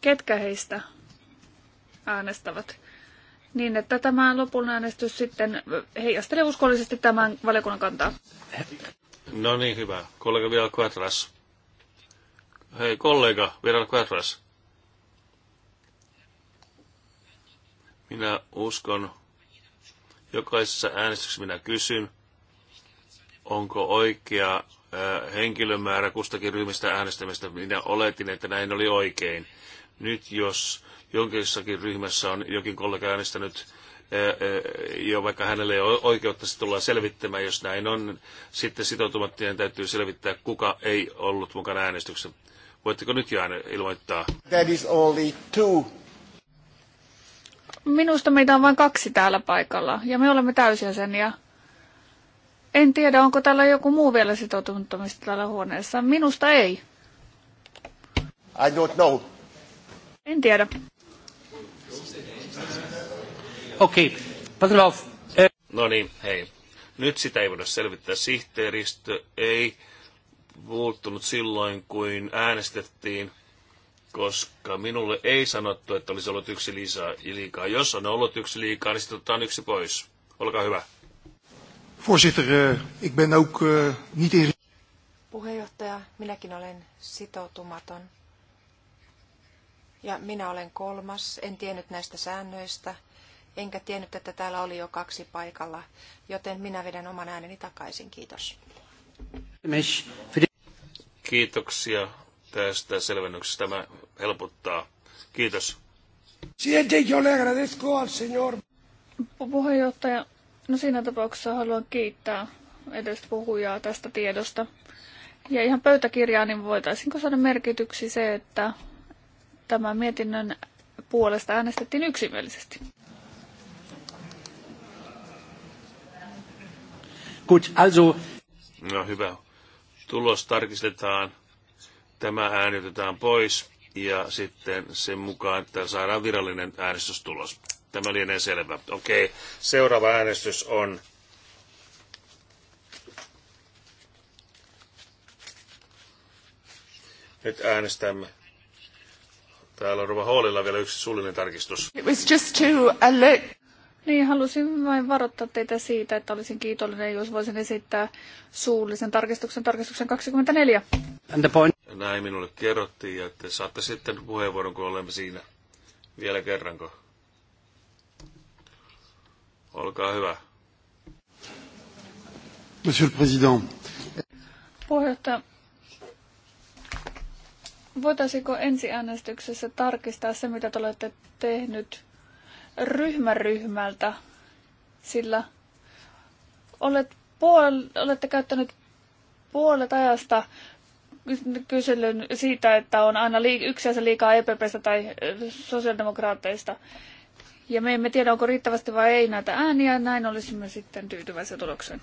ketkä heistä äänestävät. Niin, että tämä lopun äänestys sitten heijastelee uskollisesti tämän valiokunnan kantaa. No niin, hyvä. Kollega Vidal Quatras. Hei kollega Vidal Quatras. Minä uskon, jokaisessa äänestyksessä minä kysyn, onko oikea äh, henkilömäärä kustakin ryhmistä äänestämistä. Minä oletin, että näin oli oikein. Nyt jos jonkinkin ryhmässä on jokin kollega äänestänyt äh, äh, jo vaikka hänelle ei ole oikeutta, se tullaan selvittämään. Jos näin on, sitten sitoutumattien täytyy selvittää, kuka ei ollut mukana äänestyksessä. Voitteko nyt jo ilmoittaa? That is only two Minusta meitä on vain kaksi täällä paikalla ja me olemme täysjäseniä. En tiedä, onko täällä joku muu vielä sitoutumattomista täällä huoneessa. Minusta ei. I don't know. En tiedä. Okei, okay. Eh. No niin, hei. Nyt sitä ei voida selvittää. Sihteeristö ei muuttunut silloin, kuin äänestettiin koska minulle ei sanottu, että olisi ollut yksi lisää, liikaa. Jos on ollut yksi liikaa, niin sitten otetaan yksi pois. Olkaa hyvä. Voorzitter, eh, ik ben ook eh, niet in... Puheenjohtaja, minäkin olen sitoutumaton. Ja minä olen kolmas, en tiennyt näistä säännöistä, enkä tiennyt, että täällä oli jo kaksi paikalla, joten minä vedän oman ääneni takaisin. Kiitos. Kiitoksia tästä selvennyksestä. Tämä helpottaa. Kiitos. Puheenjohtaja, no siinä tapauksessa haluan kiittää edellistä puhujaa tästä tiedosta. Ja ihan pöytäkirjaa, niin voitaisiinko saada merkityksi se, että tämän mietinnön puolesta äänestettiin yksimielisesti? Gut, also... No hyvä. Tulos tarkistetaan Tämä äänitetään pois ja sitten sen mukaan, että saadaan virallinen äänestystulos. Tämä lienee selvä. Okei, seuraava äänestys on Nyt äänestämme. Täällä on Ruva Hallilla vielä yksi suullinen tarkistus. It was just to alert. Niin, halusin vain varoittaa teitä siitä, että olisin kiitollinen, jos voisin esittää suullisen tarkistuksen tarkistuksen 24. And the point. Näin minulle kerrottiin ja että saatte sitten puheenvuoron, kun olemme siinä. Vielä kerranko? Olkaa hyvä. Monsieur le Président. Puheenjohtaja, voitaisiinko ensiäänestyksessä tarkistaa se, mitä te olette tehnyt ryhmäryhmältä, sillä olet puol- olette käyttänyt puolet ajasta kyselyn siitä, että on aina yksi asia liikaa EPPstä tai sosiaalidemokraateista. Ja me emme tiedä, onko riittävästi vai ei näitä ääniä. Näin olisimme sitten tyytyväisiä tulokseen.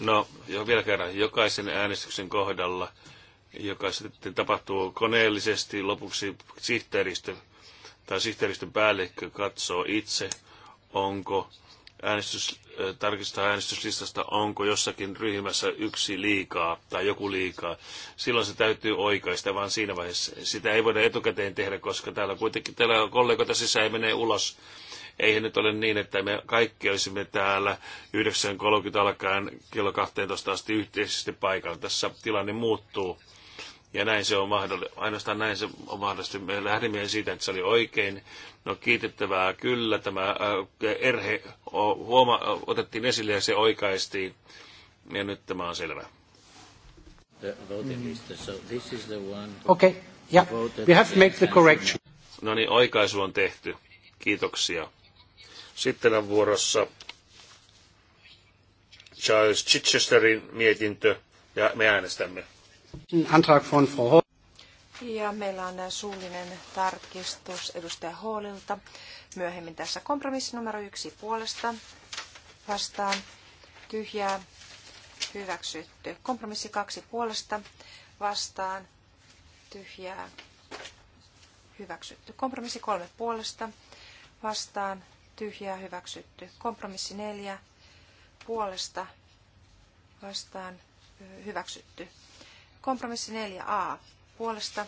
No, jo vielä kerran. Jokaisen äänestyksen kohdalla, joka sitten tapahtuu koneellisesti, lopuksi sihteeristö tai sihteeristön päällikkö katsoo itse, onko äänestys, äh, tarkistaa äänestyslistasta, onko jossakin ryhmässä yksi liikaa tai joku liikaa. Silloin se täytyy oikaista, vaan siinä vaiheessa sitä ei voida etukäteen tehdä, koska täällä kuitenkin täällä kollegoita sisään ei mene ulos. Eihän nyt ole niin, että me kaikki olisimme täällä 9.30 alkaen kello 12 asti yhteisesti paikalla. Tässä tilanne muuttuu ja näin se on mahdollista. Ainoastaan näin se on mahdollista. Me lähdimme siitä, että se oli oikein. No kiitettävää kyllä. Tämä äh, erhe huoma, otettiin esille ja se oikaistiin. Ja nyt tämä on selvä. Mm. Okei, Ja we have to make the correction. No niin, oikaisu on tehty. Kiitoksia. Sitten on vuorossa Charles Chichesterin mietintö ja me äänestämme. Antrag von Frau ja meillä on suullinen tarkistus edustaja Hallilta. Myöhemmin tässä kompromissi numero yksi puolesta vastaan tyhjää hyväksytty. Kompromissi kaksi puolesta vastaan tyhjää hyväksytty. Kompromissi kolme puolesta vastaan tyhjää hyväksytty. Kompromissi neljä puolesta vastaan hyväksytty. Kompromissi 4a. Puolesta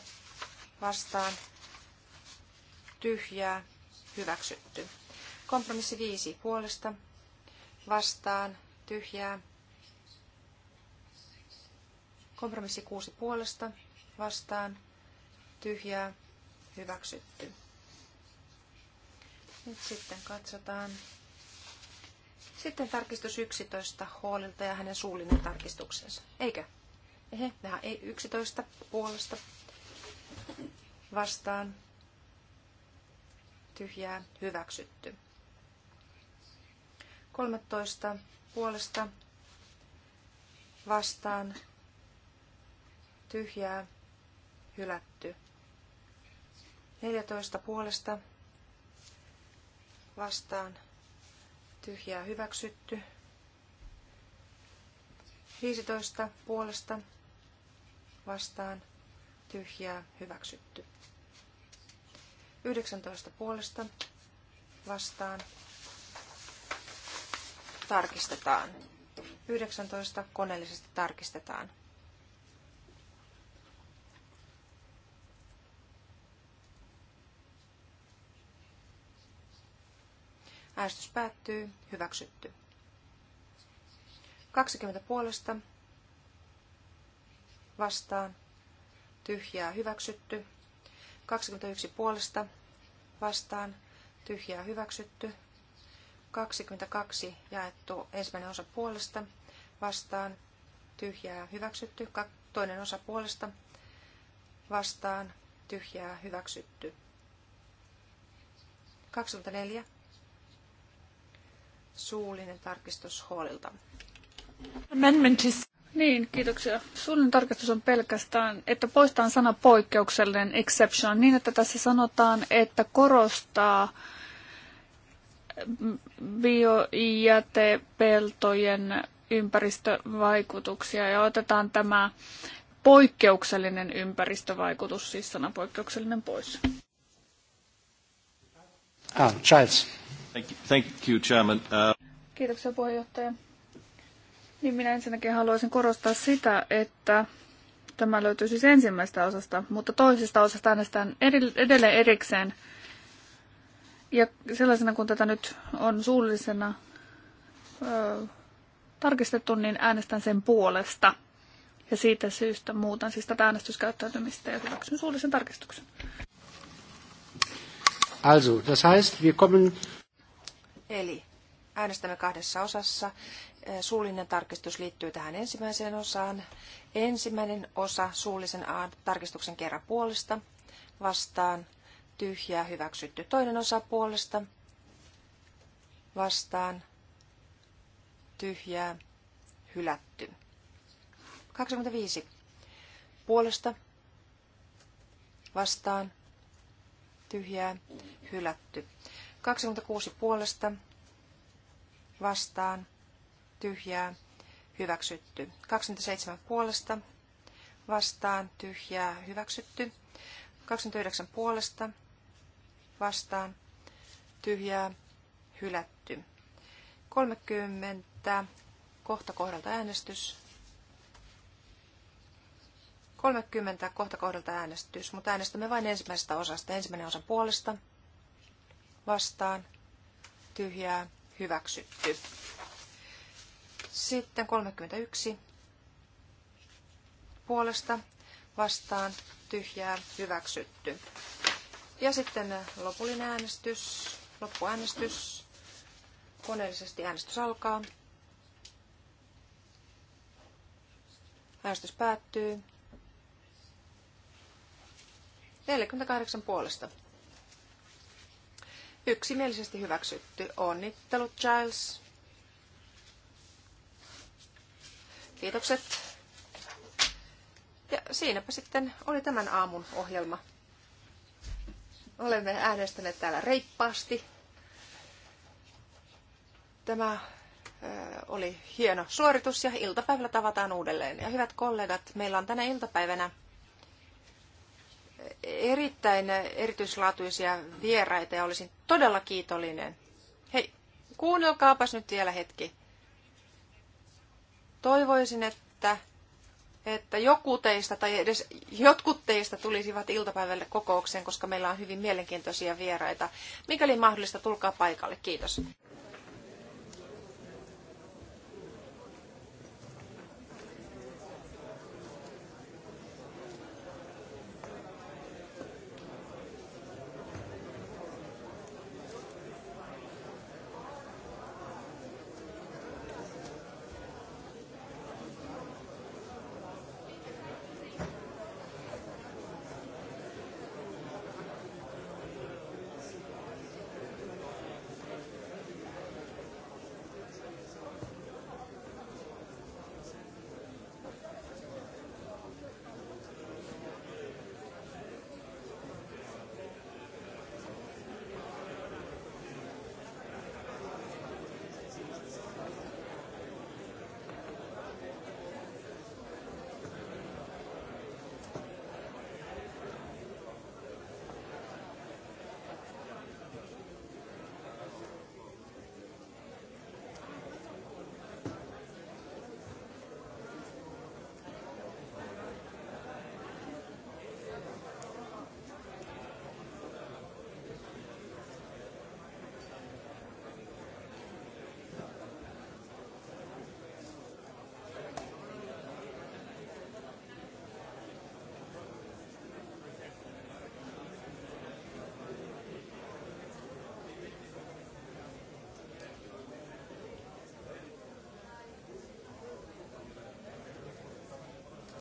vastaan tyhjää hyväksytty. Kompromissi 5. Puolesta vastaan tyhjää. Kompromissi 6. Puolesta vastaan tyhjää hyväksytty. Nyt sitten katsotaan. Sitten tarkistus 11 huolilta ja hänen suullinen tarkistuksensa. Eikö? Ehe, nämä ei 11 puolesta vastaan tyhjää hyväksytty. 13 puolesta vastaan tyhjää hylätty. 14 puolesta vastaan tyhjää hyväksytty. 15 puolesta vastaan, vastaan, tyhjää, hyväksytty. 19 puolesta vastaan, tarkistetaan. 19 koneellisesti tarkistetaan. Äänestys päättyy. Hyväksytty. 20 puolesta vastaan, tyhjää hyväksytty. 21 puolesta vastaan, tyhjää hyväksytty. 22 jaettu ensimmäinen osa puolesta vastaan, tyhjää hyväksytty. Toinen osa puolesta vastaan, tyhjää hyväksytty. 24. Suullinen tarkistus huolilta. Amendment is... Niin, kiitoksia. Suullinen tarkastus on pelkästään, että poistetaan sana poikkeuksellinen exception niin, että tässä sanotaan, että korostaa biojätepeltojen ympäristövaikutuksia ja otetaan tämä poikkeuksellinen ympäristövaikutus, siis sana poikkeuksellinen pois. Ah, Charles. Thank you, thank you Chairman. Uh... Kiitoksia puheenjohtaja. Niin minä ensinnäkin haluaisin korostaa sitä, että tämä löytyy siis ensimmäisestä osasta, mutta toisesta osasta äänestetään edelleen erikseen. Ja sellaisena kuin tätä nyt on suullisena ö, tarkistettu, niin äänestän sen puolesta. Ja siitä syystä muutan siis tätä äänestyskäyttäytymistä ja hyväksyn suullisen tarkistuksen. Also, das heißt, wir kommen... Eli äänestämme kahdessa osassa suullinen tarkistus liittyy tähän ensimmäiseen osaan. Ensimmäinen osa suullisen tarkistuksen kerran puolesta vastaan tyhjää hyväksytty. Toinen osa puolesta vastaan tyhjää hylätty. 25. Puolesta vastaan tyhjää hylätty. 26 puolesta vastaan tyhjää, hyväksytty. 27 puolesta, vastaan, tyhjää, hyväksytty. 29 puolesta, vastaan, tyhjää, hylätty. 30, kohta kohdalta äänestys. 30, kohta kohdalta äänestys, mutta äänestämme vain ensimmäisestä osasta. Ensimmäinen osa puolesta, vastaan, tyhjää, hyväksytty. Sitten 31 puolesta vastaan tyhjää hyväksytty. Ja sitten lopullinen äänestys, loppuäänestys. Koneellisesti äänestys alkaa. Äänestys päättyy. 48 puolesta. Yksimielisesti hyväksytty. Onnittelut, Giles. Kiitokset. Ja siinäpä sitten oli tämän aamun ohjelma. Olemme äänestäneet täällä reippaasti. Tämä oli hieno suoritus ja iltapäivällä tavataan uudelleen. Ja hyvät kollegat, meillä on tänä iltapäivänä erittäin erityislaatuisia vieraita ja olisin todella kiitollinen. Hei, kuunnelkaapas nyt vielä hetki. Toivoisin, että, että joku teistä tai edes jotkut teistä tulisivat iltapäivälle kokoukseen, koska meillä on hyvin mielenkiintoisia vieraita. Mikäli mahdollista, tulkaa paikalle. Kiitos.